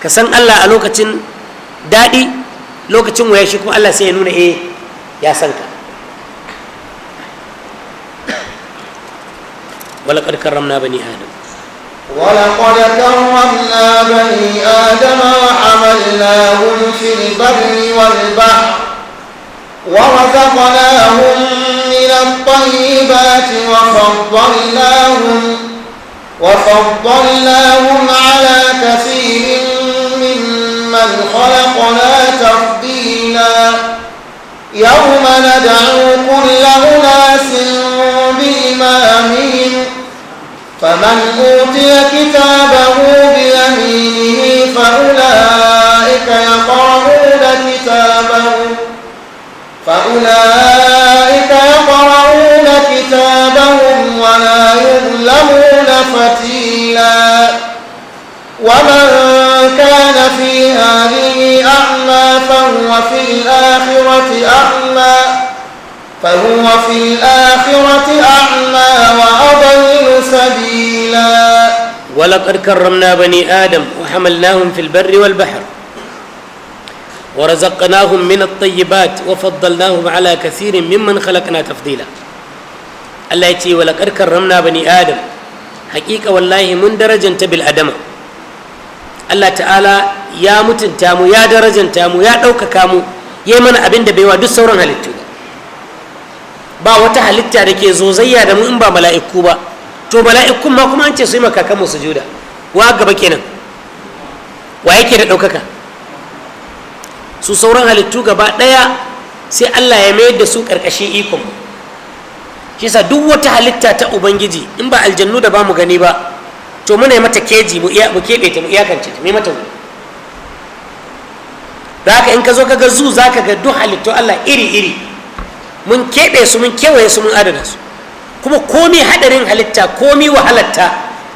ka san Allah a lokacin daɗi lokacin waya shi kuma Allah sai ya nuna eh ya san ka ولقد كرمنا بني آدم ولقد كرمنا بني آدم وحملناهم في البر والبحر ورزقناهم من الطيبات وفضلناهم وفضلناهم على كثير ممن خلقنا تفضيلا يوم ندعو كل أناس بإمامهم فمن أوتي كتابه بيمينه فأولئك يقرؤون كتابه أولئك يقرؤون كتابهم ولا يظلمون فتيلا ومن كان في هذه أعمى فهو في الآخرة أعمى فهو في الآخرة أعمى وأضل سبيلا ولقد كرمنا بني آدم وحملناهم في البر والبحر ورزقناهم من الطيبات وفضلناهم على كثير ممن خلقنا تفضيلا الله يتي ولقد كرمنا بني آدم حقيقة والله من درجة بالأدم الله تعالى يا متن تامو يا درجة تامو يا دوك كامو يمن أبين دبيوا دو سوران هلتو با وتا halitta da ke zozayya da mu in ba mala'iku ba to mala'ikun ma kuma an ce su yi makakanmu sujuda wa gaba kenan wa yake da ɗaukaka su sauran halittu gaba ɗaya sai allah ya mayar da su ƙarƙashin ikon shi sa duk wata halitta ta ubangiji in ba aljannu da ba mu gani ba to muna mata keji mu keɓe ta mu iyakance ta mai mata wuri da haka in ka zo ka ga zu za ka ga duk halittu allah iri iri mun keɓe su mun kewaye su mun adana su kuma komi haɗarin halitta komi wahalarta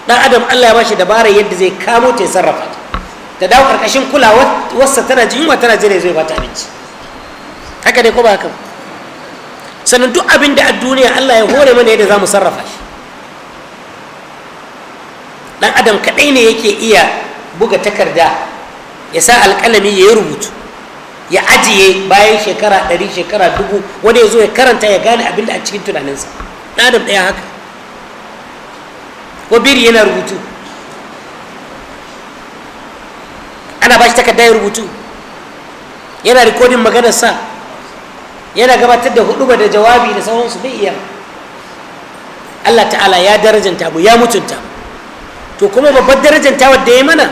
ɗan adam allah ya bashi dabarar yadda zai kamo ta ya sarrafa ta da dawo karkashin kula wasa tana ji yunwa tana jira zai bata abinci haka dai ko ba haka sannan duk abin da a duniya Allah ya hore mana yadda za mu sarrafa shi dan adam kaɗai ne yake iya buga takarda ya sa alƙalami ya yi rubutu ya ajiye bayan shekara ɗari shekara dubu wani ya zo ya karanta ya gane abin da a cikin tunaninsa ɗan adam ɗaya haka ko biri yana rubutu ana ba shi takardar rubutu yana rikodin maganar sa yana gabatar da huduba da jawabi da sauransu bai iya Allah ta'ala ya darajanta mu ya mutunta to kuma babbar darajanta wadda ya mana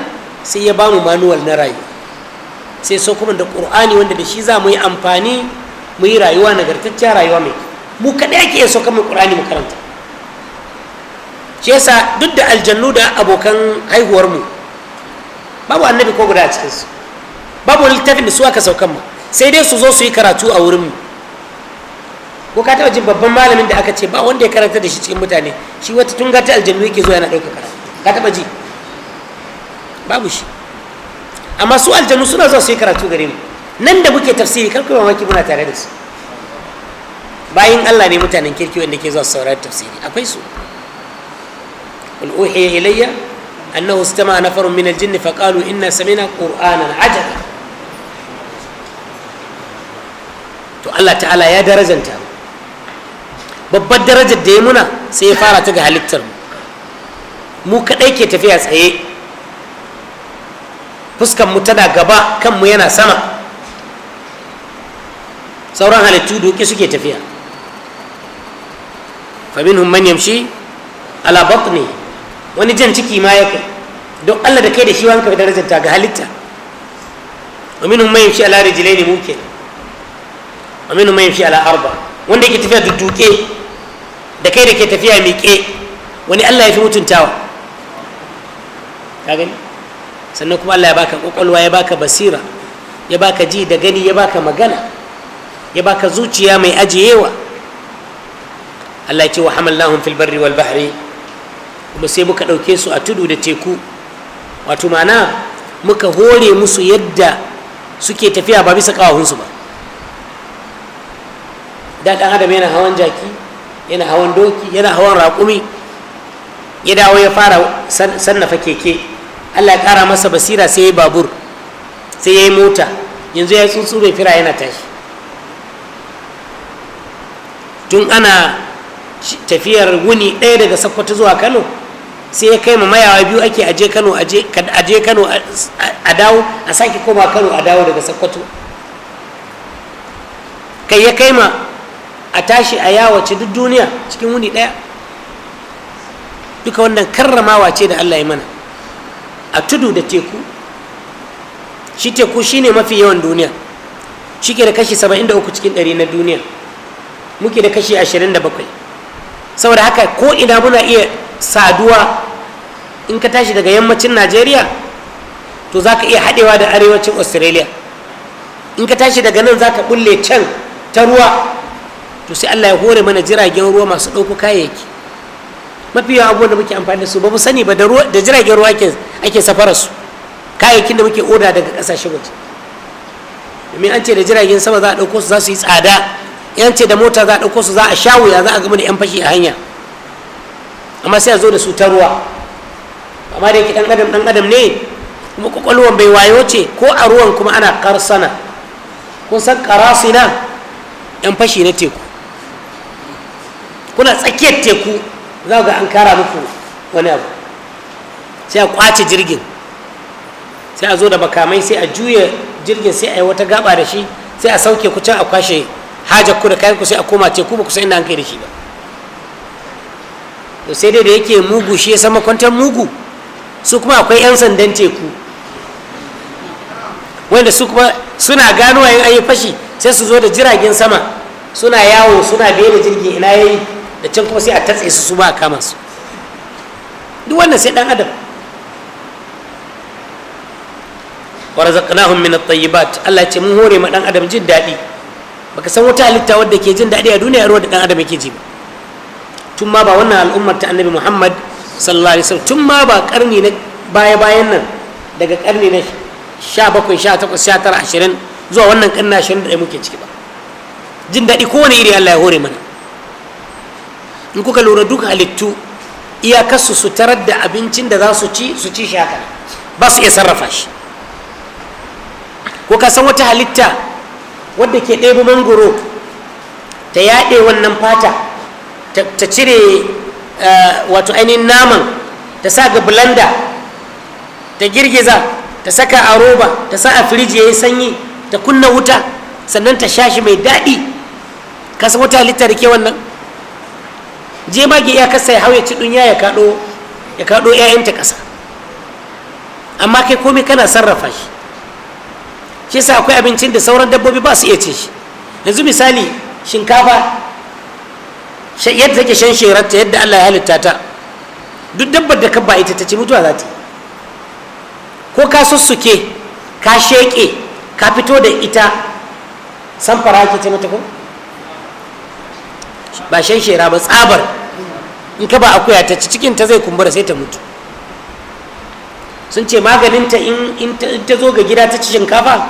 sai ya bamu manuwal na rayuwa sai so kuma da qur'ani wanda da shi za mu yi amfani mu yi rayuwa nagartaccen rayuwa mai mu kaɗai ake so kan qur'ani mu karanta shi yasa duk da aljannu da abokan haihuwar mu babu annabi ko guda a cikinsu babu littafin da su aka saukan mu sai dai su zo su yi karatu a wurinmu ko ka taɓa jin babban malamin da aka ce ba wanda ya karanta da shi cikin mutane shi wata tun gata aljanu yake zuwa yana ɗauka karatu ka taɓa ji babu shi amma su aljanu suna zuwa su yi karatu gare mu nan da muke tafsiri kar kuma mamaki muna tare da su bayin Allah ne mutanen kirki wanda ke zuwa su saurari tafsiri akwai su qul uhiya ilayya أنه استمع نفر من الجن فقالوا إنا سمعنا قرآنا عجبا to Allah ta'ala ya darajanta babbar darajar da ya muna sai ya fara ta ga halittar mu kaɗai ke tafiya tsaye fuskan mu tana gaba kanmu yana sama sauran halittu doki suke tafiya faminhum man yamshi ala batni wani jan ciki ma ya kai don allah da kai da shi wanka darajar ta ga halitta aminu mai yamshi ala rijilai ne muke aminu mai yamshi ala arba wanda yake tafiya dudduke da kai da ke tafiya miƙe wani allah ya fi mutuntawa ka gani sannan kuma allah ya baka kwakwalwa ya baka basira ya baka ji da gani ya baka magana ya baka zuciya mai ajiyewa allah ya ce wa hamallahum fil barri wal bahri kuma sai muka ɗauke su a tudu da teku wato mana muka hore musu yadda suke tafiya ba bisa ƙawahunsu ba da ɗan adam yana hawan jaki yana hawan doki yana hawan raƙumi ya dawo ya fara sannafa keke allah ya ƙara masa basira sai ya babur sai ya yi mota yanzu ya yi tsuntsu mai fira yana tashi tun ana tafiyar wuni ɗaya daga sakkwato zuwa kano sai ya kai ma mayawa biyu ake aje kano aje kano a dawo a sake koma kano a dawo daga sakkwato kai ya kai ma a tashi a yawace duk duniya cikin wuni daya. duka wannan karramawa ce da allah ya mana a tudu da teku shi teku shine mafi yawan duniya shi ke da kashi 73 cikin 100 na duniya muke da kashi 27 saboda haka ko ina muna iya saduwa in ka tashi daga yammacin najeriya to za ka iya haɗewa da arewacin australia in ka tashi daga nan za ka ɓulle can ta ruwa to sai allah ya hore mana jiragen ruwa masu ɗauko kayayyaki mafi yawan abubuwan da muke amfani da su ba mu sani ba da jiragen ruwa ake safara su kayayyakin da muke oda daga ƙasashen waje domin an ce da jiragen sama za a ɗauko su za su yi tsada yan ce da mota za a ɗauko su za a sha wuya za a gama da yan fashi a hanya amma sai a zo da su ta ruwa amma da yake dan adam dan adam ne kuma kwakwalwan bai wayo ce ko a ruwan kuma ana karsana kun san karasina yan fashi na teku kuna tsakiyar teku za ga an kara muku wani abu sai a kwace jirgin sai a zo da makamai sai a juya jirgin sai a yi wata gaba da shi sai a sauke ku a kwashe hajar ku da kayan ku sai a koma teku ba ku san inda an kai da shi ba to sai dai da yake mugu shi ya sama kwantar mugu su kuma akwai 'yan sandan teku wanda su kuma suna gano yin ayi fashi sai su zo da jiragen sama suna yawo suna biye da jirgin ina yayi da can kuma sai a tatse su su ba a kama su duk wannan sai dan adam warzaqnahum min at-tayyibat Allah ce mun hore ma dan adam jin dadi baka san wata halitta wadda ke jin dadi a duniya ruwa da dan adam yake ji ba tun ma ba wannan al'ummar ta annabi muhammad sallallahu alaihi wasallam tun ma ba karni na baya bayan nan daga karni na sha sha bakwai takwas sha tara ashirin zuwa wannan karni 21 muke ciki ba jin daɗi kowane iri Allah ya hore mana in kuka lura duk halittu iyakarsu su tarar da abincin da za su ci su ci shi haka ba su iya sarrafa shi ko ka san wata halitta wadda ke ɗebi mangoro ta yaɗe wannan fata ta cire eh, wato ainihin naman ta sa ga blanda ta girgiza ta saka a roba ta sa a firiji ya yi sanyi ta kunna wuta sannan ta shashi mai daɗi ka san wata halitta da ke wannan je ma ga iya kasa ya hau ya ci dunya ya kaɗo ya kaɗo 'ya'yanta ƙasa amma kai komai kana sarrafa shi shi yasa akwai abincin da sauran dabbobi ba su iya ce shi yanzu misali shinkafa yadda take shan shirarta yadda Allah ya halitta ta duk dabbar da ka ba ita ta ci mutuwa za ta ko ka sussuke ka sheƙe ka fito da ita fara ake ce mata ko ba shan shera ba tsabar in ka ba akuya ta ci cikin ta zai kumbura sai ta mutu sun ce maganinta in ta zo ga gida ta ci shinkafa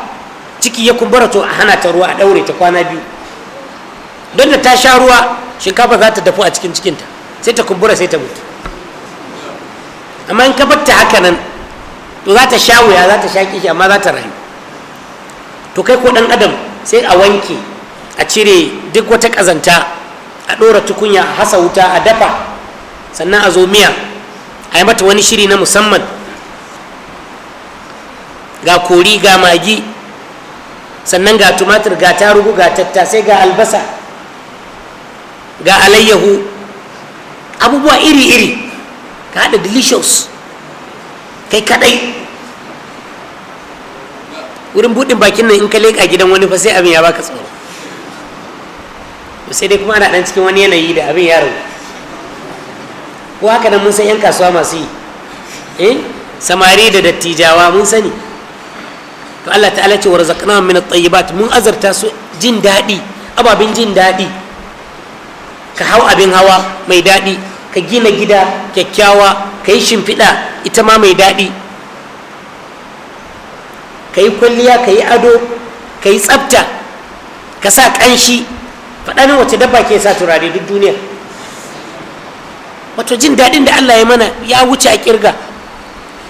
ciki ya kumbura to a hana ta ruwa a ɗaure ta kwana biyu don da ta sha ruwa shinkafa za ta dafu a cikin cikinta sai ta kumbura sai ta mutu amma in ka batta haka nan to za ta sha wuya za ta sha kishi amma za ta rayu to kai ko dan adam sai a wanke a cire duk wata kazanta a ɗora tukunya a hasa wuta a dafa sannan a zo miya a yi mata wani shiri na musamman ga kori ga magi sannan ga tumatir ga tarugu ga tattasai ga albasa ga alayyahu abubuwa iri-iri ka haɗa delicious kai kaɗai wurin buɗin bakin nan in ka leƙa gidan wani fa sai abin ya baka tsoro sai dai kuma ana ɗan cikin wani yanayi da abin ya rabu ko haka nan mun san 'yan kasuwa masu yi eh samari da dattijawa mun sani to Allah ta'ala ce warzaqna min at-tayyibat mun azarta su jin dadi ababin jin daɗi ka hau abin hawa mai daɗi ka gina gida kyakkyawa ka yi shimfiɗa ita ma mai daɗi ka yi kwalliya ka yi ado ka yi tsafta ka sa ƙanshi faɗa min wace dabba ke sa turare duk duniya wato jin daɗin da Allah ya mana ya wuce a kirga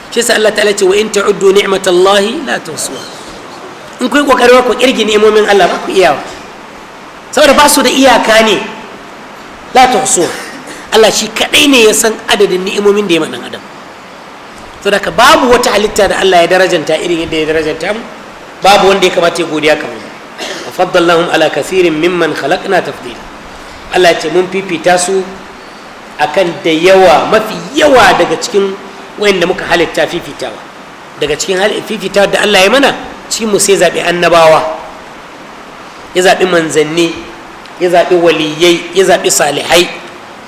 shi sa Allah ta'ala ce wa in ta'uddu ni'matallahi la tuhsuha in ku yi kokarin ku kirgi ni'imomin Allah ba ku iyawa saboda ba su da iyaka ne la tuhsu Allah shi kadai ne ya san adadin ni'imomin da ya madan adam to daga babu wata halitta da Allah ya darajanta irin yadda ya darajanta mu babu wanda ya kamata ya godiya kamar mu faddallahum ala kasirin mimman khalaqna tafdila Allah ya ce mun fifita su akan da yawa mafi yawa daga cikin wayanda muka halitta fifitawa daga cikin fifita da Allah ya mana cikin mu sai zabi annabawa ya zabi manzanni ya zaɓi waliyai ya zaɓi salihai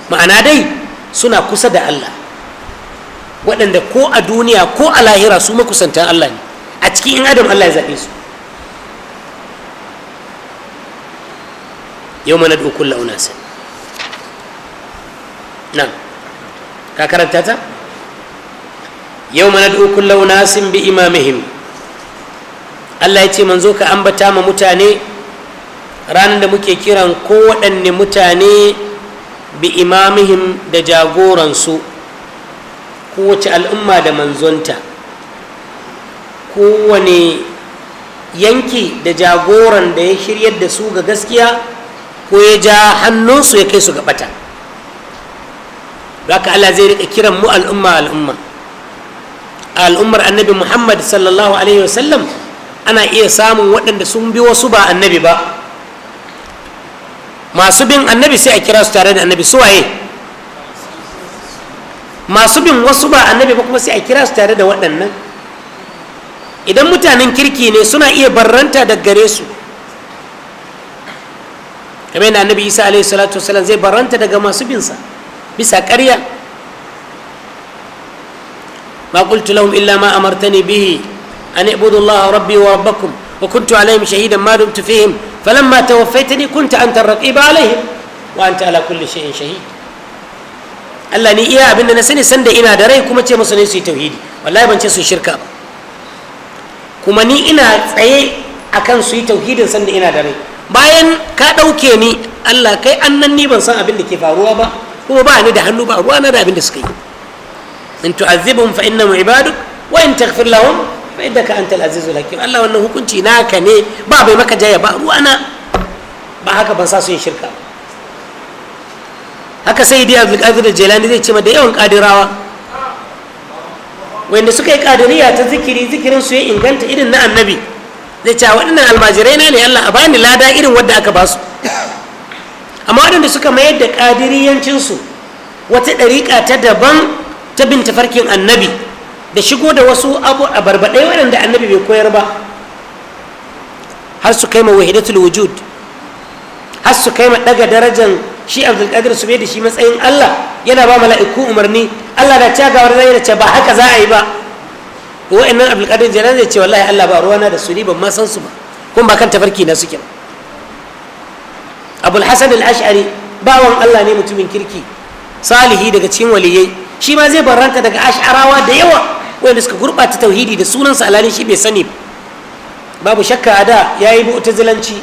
ma'ana dai suna kusa da Allah waɗanda ko a duniya ko a lahira su makusantan Allah ne a cikin in adam Allah ya zaɓe su yau mana dokun sai nan ka karanta ta yau mana dokun sun bi imamihim Allah ya ce manzo ka ambata ma mutane ranar da muke kiran kowaɗanne mutane bi imamihim da jagoransu kowace al'umma da manzonta kowane yanki da jagoran da ya shiryar da su ga gaskiya ko ya ja hannunsu ya kai su ga bata ka Allah zai rika kiran mu al'umma al'umma al'ummar annabi Muhammad sallallahu alaihi wasallam ana iya samun waɗanda sun bi wasu ba annabi ba masu bin annabi sai a kira su tare da annabi su waye masu bin wasu ba annabi ba kuma sai a kira su tare da waɗannan idan mutanen kirki ne suna iya barranta da gare su kamar yadda annabi isa alaihi salatu wasalam zai barranta daga masu binsa bisa ƙarya ma qultu lahum illa ma amartani bihi an ibudu allaha rabbi wa rabbakum wa kuntu alaihim shahidan ma dumtu fihim فلما توفيتني كنت أنت الرقيب عليهم وأنت على كل شيء شهيد Allah ni iya abin da na sani sanda ina da rai kuma ce musu ne su yi tauhidi wallahi ban ce su shirka ba kuma ni ina tsaye akan su yi tauhidin sanda ina da rai bayan ka ɗauke ni Allah kai annan ni ban san abin da ke faruwa ba kuma ba ni da hannu ba ruwa na da abin da suka yi in tu'azzibhum fa innahum ibaduk wa in taghfir lahum fa innaka antal azizul hakim Allah wannan hukunci naka ne ba bai maka jaya ba ruwana ba haka ban sa su yi shirka ba haka sai dai abdul da jelani zai ce ma da yawan kadirawa. wanda suka yi kadiriya ta zikiri zikirin su ya inganta irin na annabi zai ce waɗannan almajirai na ne Allah a bani lada irin wadda aka ba su amma waɗanda suka mayar da kadiriyancinsu wata ɗariƙa ta daban ta bin tafarkin annabi da shigo da wasu abu a barbaɗai waɗanda annabi bai koyar ba har su kai ma wahidatul wujud har su kai ma ɗaga darajan shi abdulkadir su da shi matsayin allah yana ba mala'iku umarni allah da cagawar zai da ce ba haka za a yi ba wa'annan abdulkadir jiran zai ce wallahi allah ba ruwana da su ni ban ma san su ba kuma ba kan tafarki na suke abul hasan al-ash'ari bawan allah ne mutumin kirki salihi daga cikin waliyai shi ma zai barranta daga ash'arawa da yawa wanda suka gurɓata tauhidi da sunansa alhalin shi bai sani babu shakka a da ya yi mu'tazilanci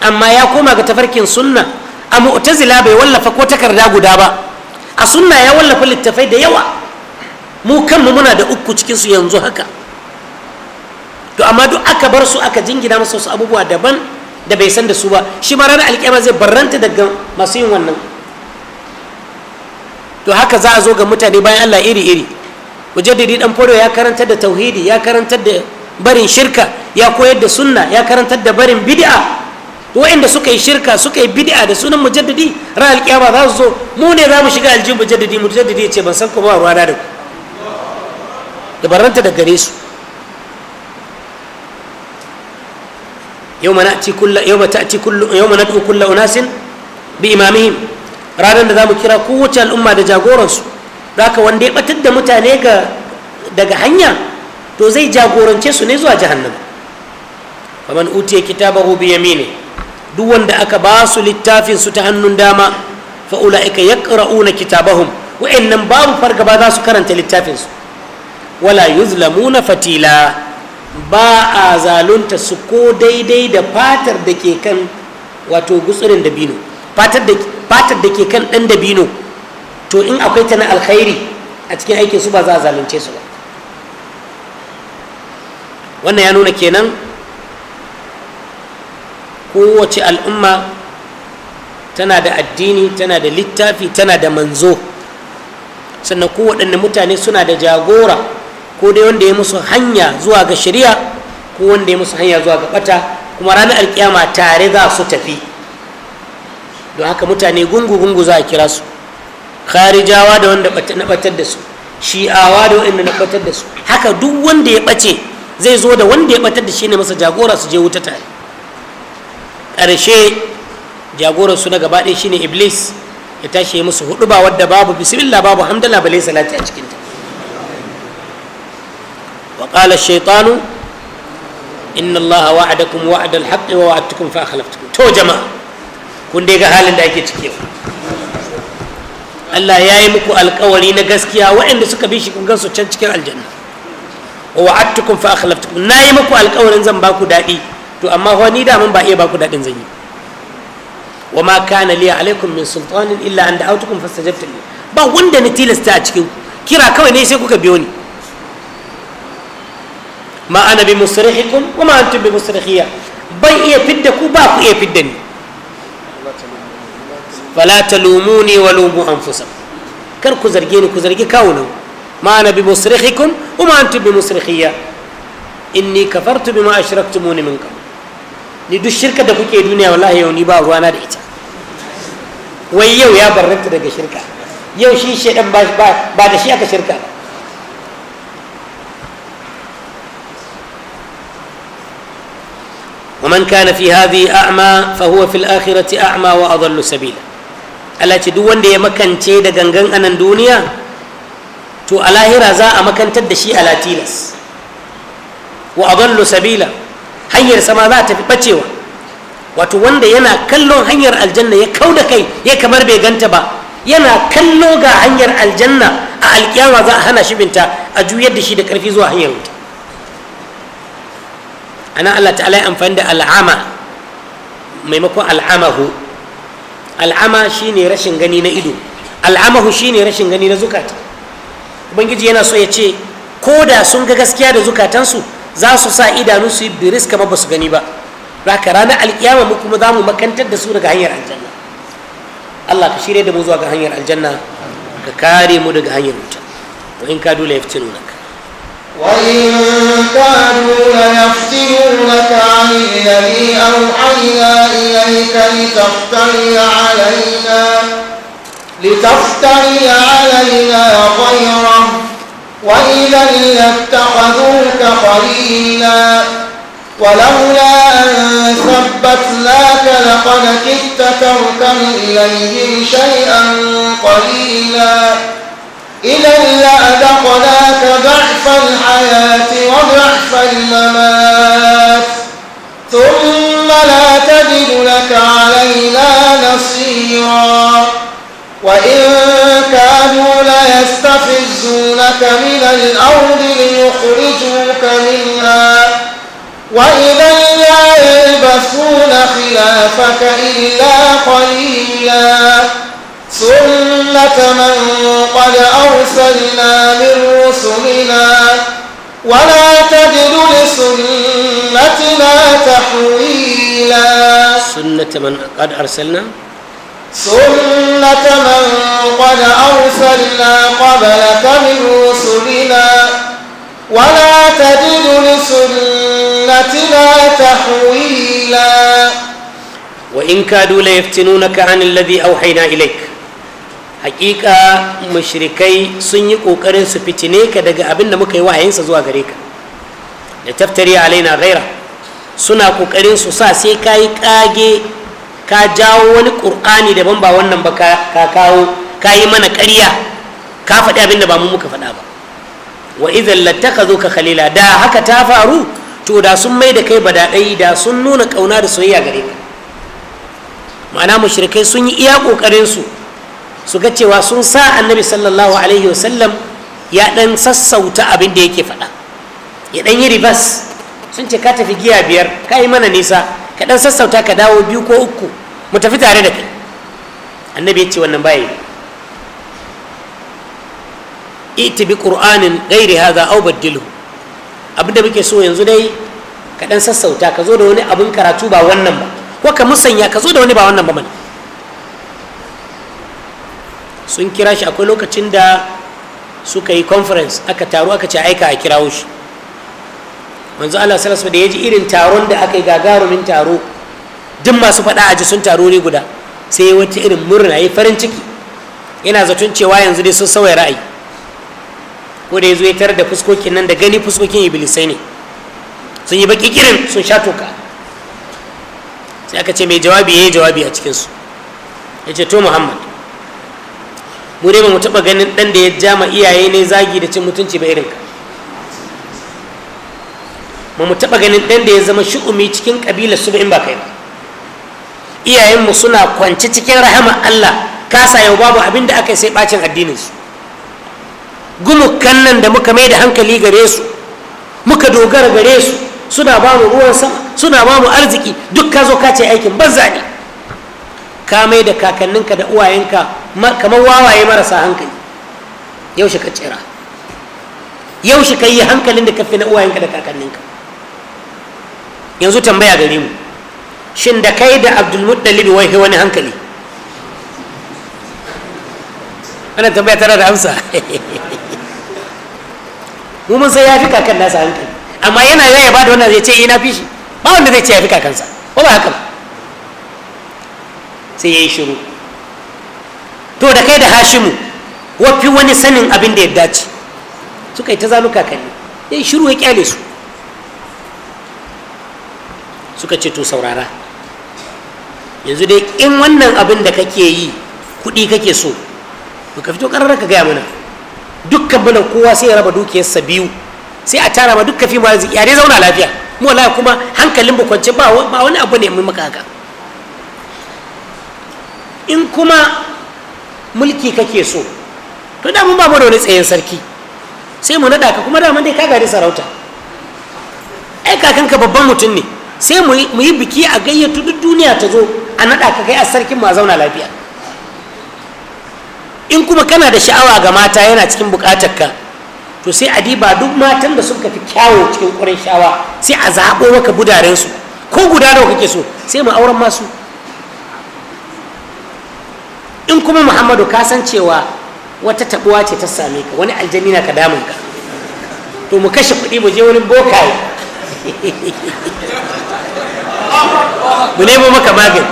amma ya koma ga tafarkin sunna a mu'tazila bai wallafa ko takarda guda ba a sunna ya wallafa littafai da yawa mu kanmu muna da uku cikinsu yanzu haka to amma duk aka bar su aka jingina masa wasu abubuwa daban da bai san da su ba shi ma ranar alƙiyama zai barranta daga masu yin wannan to haka za a zo ga mutane bayan allah iri iri mujaddidi dan fodo ya karantar da tauhidi ya karantar da barin shirka ya koyar da sunna ya karantar da barin bid'a wa'inda suka yi shirka suka yi bid'a da sunan mujaddidi ran alƙiyama za su zo mu ne za mu shiga aljin mujaddidi mujaddidi ya ce ban san kuma ruwana da ku da barranta da gare su yau mana ci kulla yau mata ci kullu yau mana ku kulla unasin bi imamihim ranar da za mu kira kowace al'umma da jagoransu zaka wanda ya batar da mutane daga hanya to zai jagorance su ne zuwa jahannama faman utiya kitabahu bi yamini duk wanda aka ba su littafin su ta hannun dama fa ulaika yaqra'una kitabahum nan babu fargaba za su karanta littafin su wala yuzlamuna fatila ba a zalunta su ko daidai da fatar da ke kan wato gutsurin dabino fatar da ke kan ɗan dabino to in akwai ta na alkhairi a cikin aikin su ba za a zalunce su ba wannan ya nuna kenan kowace al'umma tana da addini tana da littafi tana da manzo sannan kowaɗanne mutane suna da jagora ko dai wanda ya musu hanya zuwa ga shari'a ko wanda ya musu hanya zuwa ga bata kuma ranar alkiyama tare za su tafi don haka mutane gungu-gungu za a kira su kharijawa da wanda na batar da su shi'awa da wanda na batar da su haka duk wanda ya bace zai zo da wanda ya batar da shi ne masa jagora su je wuta tare ƙarshe jagoran su na gaba ɗaya shine iblis ya tashi ya musu hudu ba wadda babu bismillah babu hamdala bale salati a cikinta wa qala shaytanu inna allaha wa'adakum wa'adal haqqi wa wa'adtukum fa akhlaftukum to jama'a kun dai ga halin da ake ciki yau Allah ya yi muku alkawari na gaskiya waɗanda suka bi shi kun can cikin aljanna wa wa'adtukum fa akhlaftukum na yi muku alkawarin zan baku daɗi to amma fa ni da mun ba iya baku daɗin zan yi wa ma kana liya alaikum min sultanin illa an da'awtukum fastajabtum li ba wanda ni tilasta a cikin kira kawai ne sai kuka biyo ni ma ana bi musrihikum wa ma antum bi musrihiya ban iya fidda ku ba ku iya fidda ni فلا تلوموني ولوموا أنفسكم كر كزرجين كزرجي كونه ما أنا بمصرخكم وما أنتم بمصرخية إني كفرت بما أشركتموني منكم لدو الشركة shirka da kuke duniya wallahi yau ni ba ruwana da ita wai yau ya barranta daga shirka yau shi shaidan ba ومن كان في هذه أعمى فهو في الآخرة أعمى وأضل سبيلا Allah ce duk wanda ya makance da gangan anan duniya to a lahira za a makantar da shi a latilas wa adallu sabila hanyar sama za ta fi bacewa wato wanda yana kallon hanyar aljanna ya kau da kai ya kamar bai ganta ba yana kallo ga hanyar aljanna a alkiyama za a hana shi a juyar da shi da karfi zuwa hanyar wuta ana Allah ta'ala ya amfani da al'ama maimakon al'amahu al'ama shine rashin gani na ido al'amahu shine rashin gani na zukata ubangiji yana so ya ce ko da sun ga gaskiya da zukatansu za su sa idanu suyi yi biris kamar ba su gani ba haka ranar alkiyama mu kuma za mu makantar da su daga hanyar aljanna allah ka shirya da mu zuwa ga hanyar aljanna ka kare mu daga hanyar wuta wa in ka dole ya fitinunaka وإن كانوا ليفتنونك عن الذي أوحينا إليك لتفتري علينا لتفتري علينا غيره وإذا لاتخذوك خليلا ولولا أن ثبتناك لقد كدت تركن إليهم شيئا قليلا إذا لأذقناك ضعف الحياة وضعف الممات ثم لا تجد لك علينا نصيرا وإن كانوا ليستفزونك من الأرض ليخرجوك منها وإذا لا يلبثون خلافك إلا قليلا سنة من قد أرسلنا من رسلنا ولا تجد لسنتنا تحويلا سنة من قد أرسلنا سنة من قد أرسلنا قبلك من رسلنا ولا تجد لسنتنا تحويلا وإن كادوا ليفتنونك عن الذي أوحينا إليك hakika mushrikai sun yi kokarin su fitine ka daga abin da muka yi sa zuwa gare ka da taftari alaina ghaira suna kokarin su sa sai ka yi kage ka jawo wani qur'ani daban ba wannan ba ka kawo ka yi mana ƙarya ka faɗi abin da ba mu muka faɗa ba wa idan lattakazu ka khalila da haka ta faru to da sun mai da kai badaɗai da sun nuna ƙauna da soyayya gare ka ma'ana mushrikai sun yi iya ƙoƙarinsu su su ga cewa sun sa annabi sallallahu alaihi wasallam ya dan sassauta abin da yake faɗa ya dan yi ribas sun ce ka tafi giya biyar ka yi mana nisa ka dan sassauta ka dawo biyu ko uku mu tafi tare da kai annabi ya ce wannan baya iti bi qur'anin gairi haza au baddilu abin da muke so yanzu dai ka dan sassauta ka zo da wani abin karatu ba wannan ba ko ka musanya ka zo da wani ba wannan ba mana sun kira shi akwai lokacin da suka yi conference aka taru aka ce aika a kirawo shi manzo Allah sallallahu da yaji irin taron da aka yi gagarumin taro duk masu faɗa aji sun taro ne guda sai ya wata irin murna farin ciki yana zaton cewa yanzu dai sun sauya ra'ayi ko da ya ya tarar da fuskokin nan da gani fuskokin iblisai ne sun yi baki kirin sun sha toka sai aka ce mai jawabi ya yi jawabi a cikin su ce to muhammad mu dai ba mu taɓa ganin ɗan da ya ja iyaye ne zagi da cin mutunci ba irinka ba mu taɓa ganin ɗan da ya zama shu'umi cikin ƙabila su ba in ba kai ba iyayenmu suna kwance cikin rahama Allah kasa yau babu abin da aka sai ɓacin addininsu gumukan nan da muka mai da hankali gare su muka dogara gare su suna ba mu ruwan sama suna ba mu arziki duk ka zo ka ce aikin banza ne ka mai da kakanninka da uwayenka kamar wawaye marasa hankali yau shi ka tsira shi ka yi hankalin da kafi na uwayenka da kakanninka yanzu tambaya gare mu shin da kai da abdulmuttalib wai wani hankali ana tambaya tara da amsa mu mun sai ya fi kakan nasa hankali amma yana yawa ya bada wannan zai ce ina eh, fi shi ba wanda zai ce ya fi kakansa ba ba haka ba sai ya yi shiru to da kai da hashimu wafi wani sanin abin da ya dace suka yi ta zaluka kalli ya shiru ya kyale su suka ce to saurara yanzu dai in wannan abin da kake yi kuɗi kake so to ka fito ƙarar ka gaya mana dukkan mana kowa sai ya raba dukiyarsa biyu sai a tara ma dukkan fi ma yare zauna lafiya mu kuma hankalin mu kwance ba wani abu ne mun maka haka in kuma mulki kake so to da mun ba mu da tsayen sarki sai mu naɗa ka kuma da mun dai ka gari sarauta ai kakanka babban mutum ne sai mu yi biki a gayyato duk duniya ta zo a naɗa ka kai a sarkin mu a zauna lafiya in kuma kana da sha'awa ga mata yana cikin bukatar ka to sai a diba duk matan da suka fi kyawo cikin kurin sha'awa sai a zaɓo maka budaren su ko guda nawa kake so sai mu auren masu in kuma muhammadu ka san cewa wata tabuwa ce ta same ka wani aljani na ka damun ka to mu kashe kuɗi mu je wani bokaye mu nemo maka magani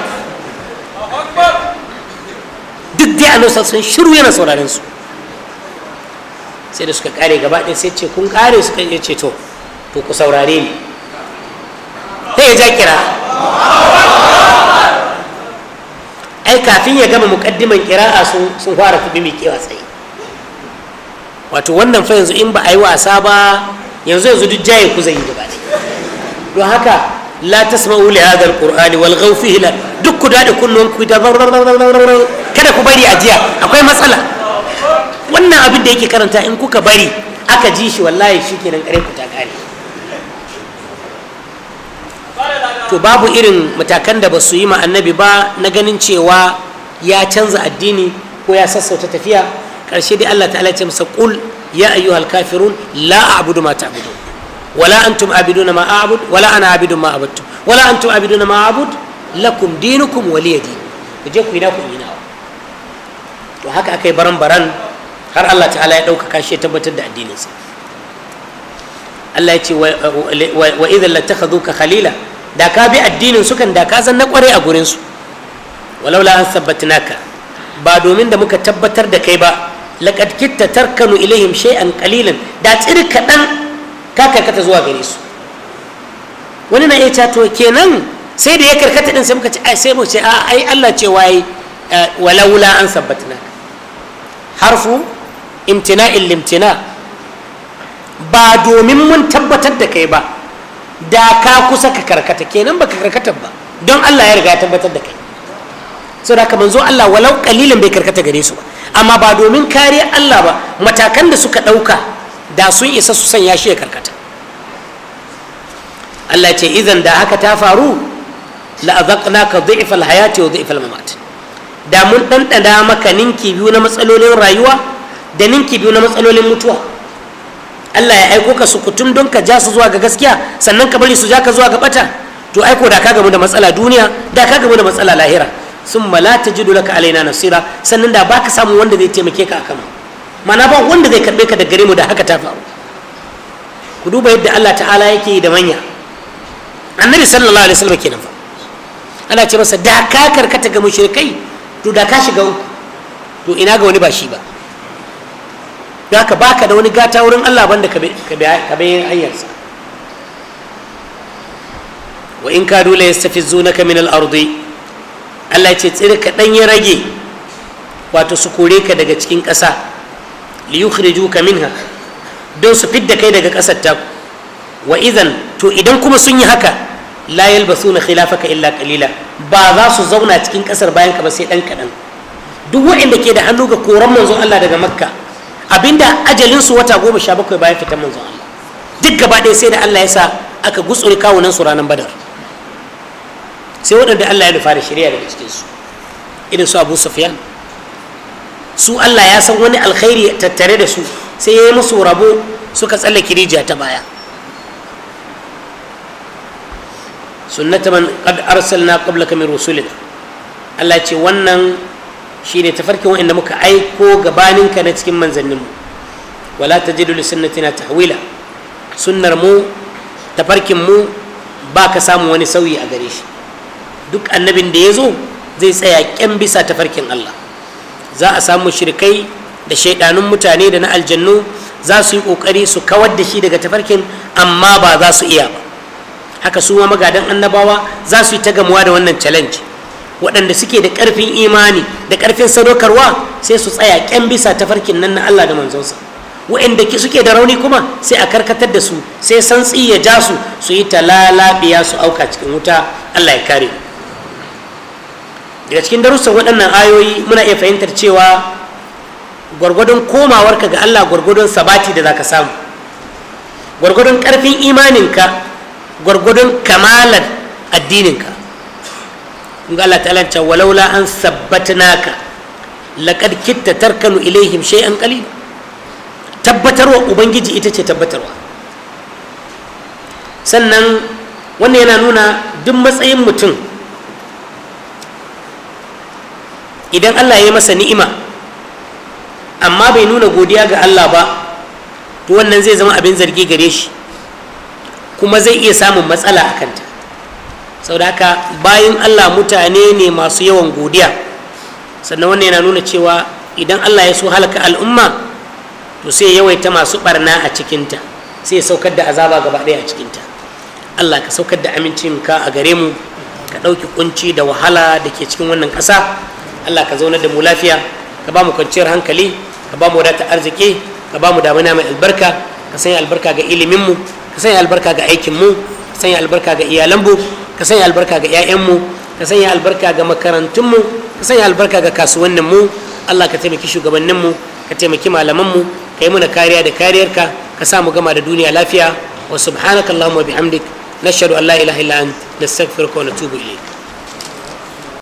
duk dai annabi sun shiru yana sauraron su sai da suka kare gaba ɗaya sai ce kun kare suka yi ce to to ku saurare ni sai ya ja kira ai kafin ya gama muƙaddiman su sun fara kuɗi mai kewa tsaye wato wannan fa yanzu in ba a yi wasa ba yanzu yanzu duk jaye ku zai yi gaba don haka la tasma'u li hadha alqur'ani wal ghaw fihi duk ku dade kunnuwan ku kada ku bari ajiya akwai matsala wannan abin da yake karanta in kuka bari aka ji shi wallahi shikenan kare ku ta kare to babu irin matakan da ba su yi ma annabi ba na ganin cewa ya canza addini ko ya sassauta tafiya ƙarshe dai Allah ta'ala ce masa qul ya ayyuhal kafirun la a'budu ma ta'budun wala antum abiduna ma a'bud wala ana abidu ma abudtu wala antum abiduna ma a'bud lakum dinukum waliya din ku je ku yi ku yi nawa to haka aka yi baran baran har Allah ta'ala ya ɗaukaka shi ya tabbatar da addininsa Allah ya ce wa idan latakhadhuka khalila da ka bi addinin su kan da ka san na kware a gurin su walaula an sabbatnaka ba domin da muka tabbatar da kai ba laqad kitta tarkanu ilaihim shay'an qalilan da tsiri kaɗan ka karkata zuwa gare su wani na iya to kenan sai da ya karkata din sai muka ce sai mu ce a ai Allah ce waye eh, walaula an sabbatnaka harfu imtina'il limtina ba domin mun tabbatar da kai ba da ka kusa ka karkata kenan baka karkata ba don Allah ya riga ya tabbatar da kai saboda haka zo Allah walau kalilan bai karkata gare su ba amma ba domin kariyar Allah ba matakan da suka ɗauka da sun isa su sanya shi ya karkata Allah ce idan da haka ta faru la'azaqnaka dhi'fa al-hayati wa dhi'fa mamat da mun ɗanɗana maka ninki biyu na matsalolin rayuwa da ninki biyu na matsalolin mutuwa Allah ya aiko ka su kutum don ka ja su zuwa ga gaskiya sannan ka bari su ja ka zuwa ga bata to aiko da ka gamu da matsala duniya da ka gamu da matsala lahira sun ji dole ka alaina nasira sannan da baka samu wanda zai taimake ka kama mana ba wanda zai karbe ka da gare mu da haka ta faru ku duba yadda Allah ta'ala yake yi da manya annabi sallallahu alaihi wasallam kenan fa ana ce masa da ka karkata ga mushrikai to da ka shiga uku to ina ga wani ba shi ba da ka baka da wani gata wurin Allah banda ka bayan hanyarsa wa in kadu la yastafizunaka min al Allah ce tsiri ka dan ya rage wato su kore ka daga cikin ƙasa li yukhrijuka minha don su fidda kai daga ƙasar ta wa idan to idan kuma sun yi haka la yalbasuna khilafaka illa qalila ba za su zauna cikin ƙasar bayan ka ba sai dan kaɗan duk waɗanda ke da hannu ga koran manzon Allah daga makka abinda ajalin su wata goma sha bakwai bayan fitan manzon Allah duk gaba ɗaya sai da Allah ya sa aka gutsuri kawunan su ranar badar sai waɗanda Allah ya nufa da shari'a daga cikin su irin su Abu Sufyan su Allah ya san wani alkhairi tattare da su sai ya yi musu rabo suka tsallake rijiya ta baya sunnata man qad arsalna qablaka min rusulina Allah ce wannan shine tafarkin wa'anda muka aiko gabaninka na cikin manzanninmu wala ta li sunnatina tahwila sunnar mu tafarkin mu ba ka samu wani sauyi a gare shi duk annabin da ya zo zai tsaya kyan bisa tafarkin Allah za a samu shirkai da shaidanun mutane da na aljannu za su yi kokari su kawar da shi daga tafarkin amma ba za su iya ba haka su ma magadan annabawa za su yi ta gamuwa da wannan challenge waɗanda suke da ƙarfin imani da ƙarfin sadaukarwa sai su tsaya ƙyan bisa tafarkin nan na Allah da manzonsa waɗanda suke da rauni kuma sai a karkatar da su sai santsi ya ja su su yi ta lalabiya, su auka cikin wuta Allah ya kare daga cikin darussan waɗannan ayoyi muna iya fahimtar cewa gwargwadon komawarka ga Allah gwargwadon sabati da zaka samu gwargwadon ƙarfin imaninka gwargwadon kamalar addininka ga Allah ta'ala ce walaula an sabbatnaka laqad kitta tarkanu ilaihim shay'an qalil tabbatarwa ubangiji ita ce tabbatarwa sannan wannan yana nuna duk matsayin mutum idan Allah ya masa ni'ima amma bai nuna godiya ga Allah ba to wannan zai zama abin zargi gare shi kuma zai iya samun matsala a kanta saudaka haka bayan allah mutane ne masu yawan godiya sannan wannan yana nuna cewa idan allah ya so halaka al'umma to sai yawaita masu barna a cikinta sai saukar da azaba gaba ɗaya a cikinta allah ka saukar da ka a gare mu ka ɗauki kunci da wahala da ke cikin wannan ƙasa allah ka zauna da mu lafiya ka ba mu kwanciyar hankali ka ba mu wadata arziki ka ba mu damuna mai albarka ka sanya albarka ga iliminmu ka sanya albarka ga aikinmu ka sanya albarka ga iyalanmu ka sanya albarka ga 'ya'yanmu ka sanya albarka ga makarantunmu ka sanya albarka ga kasuwanninmu allah ka taimaki shugabanninmu ka taimaki malamanmu ka yi mana kariya da kariyarka ka sa mu gama da duniya lafiya wa subhanakallahumma bihamdik nashhadu an la ilaha illa da nastaghfiruka wa natubu ilayk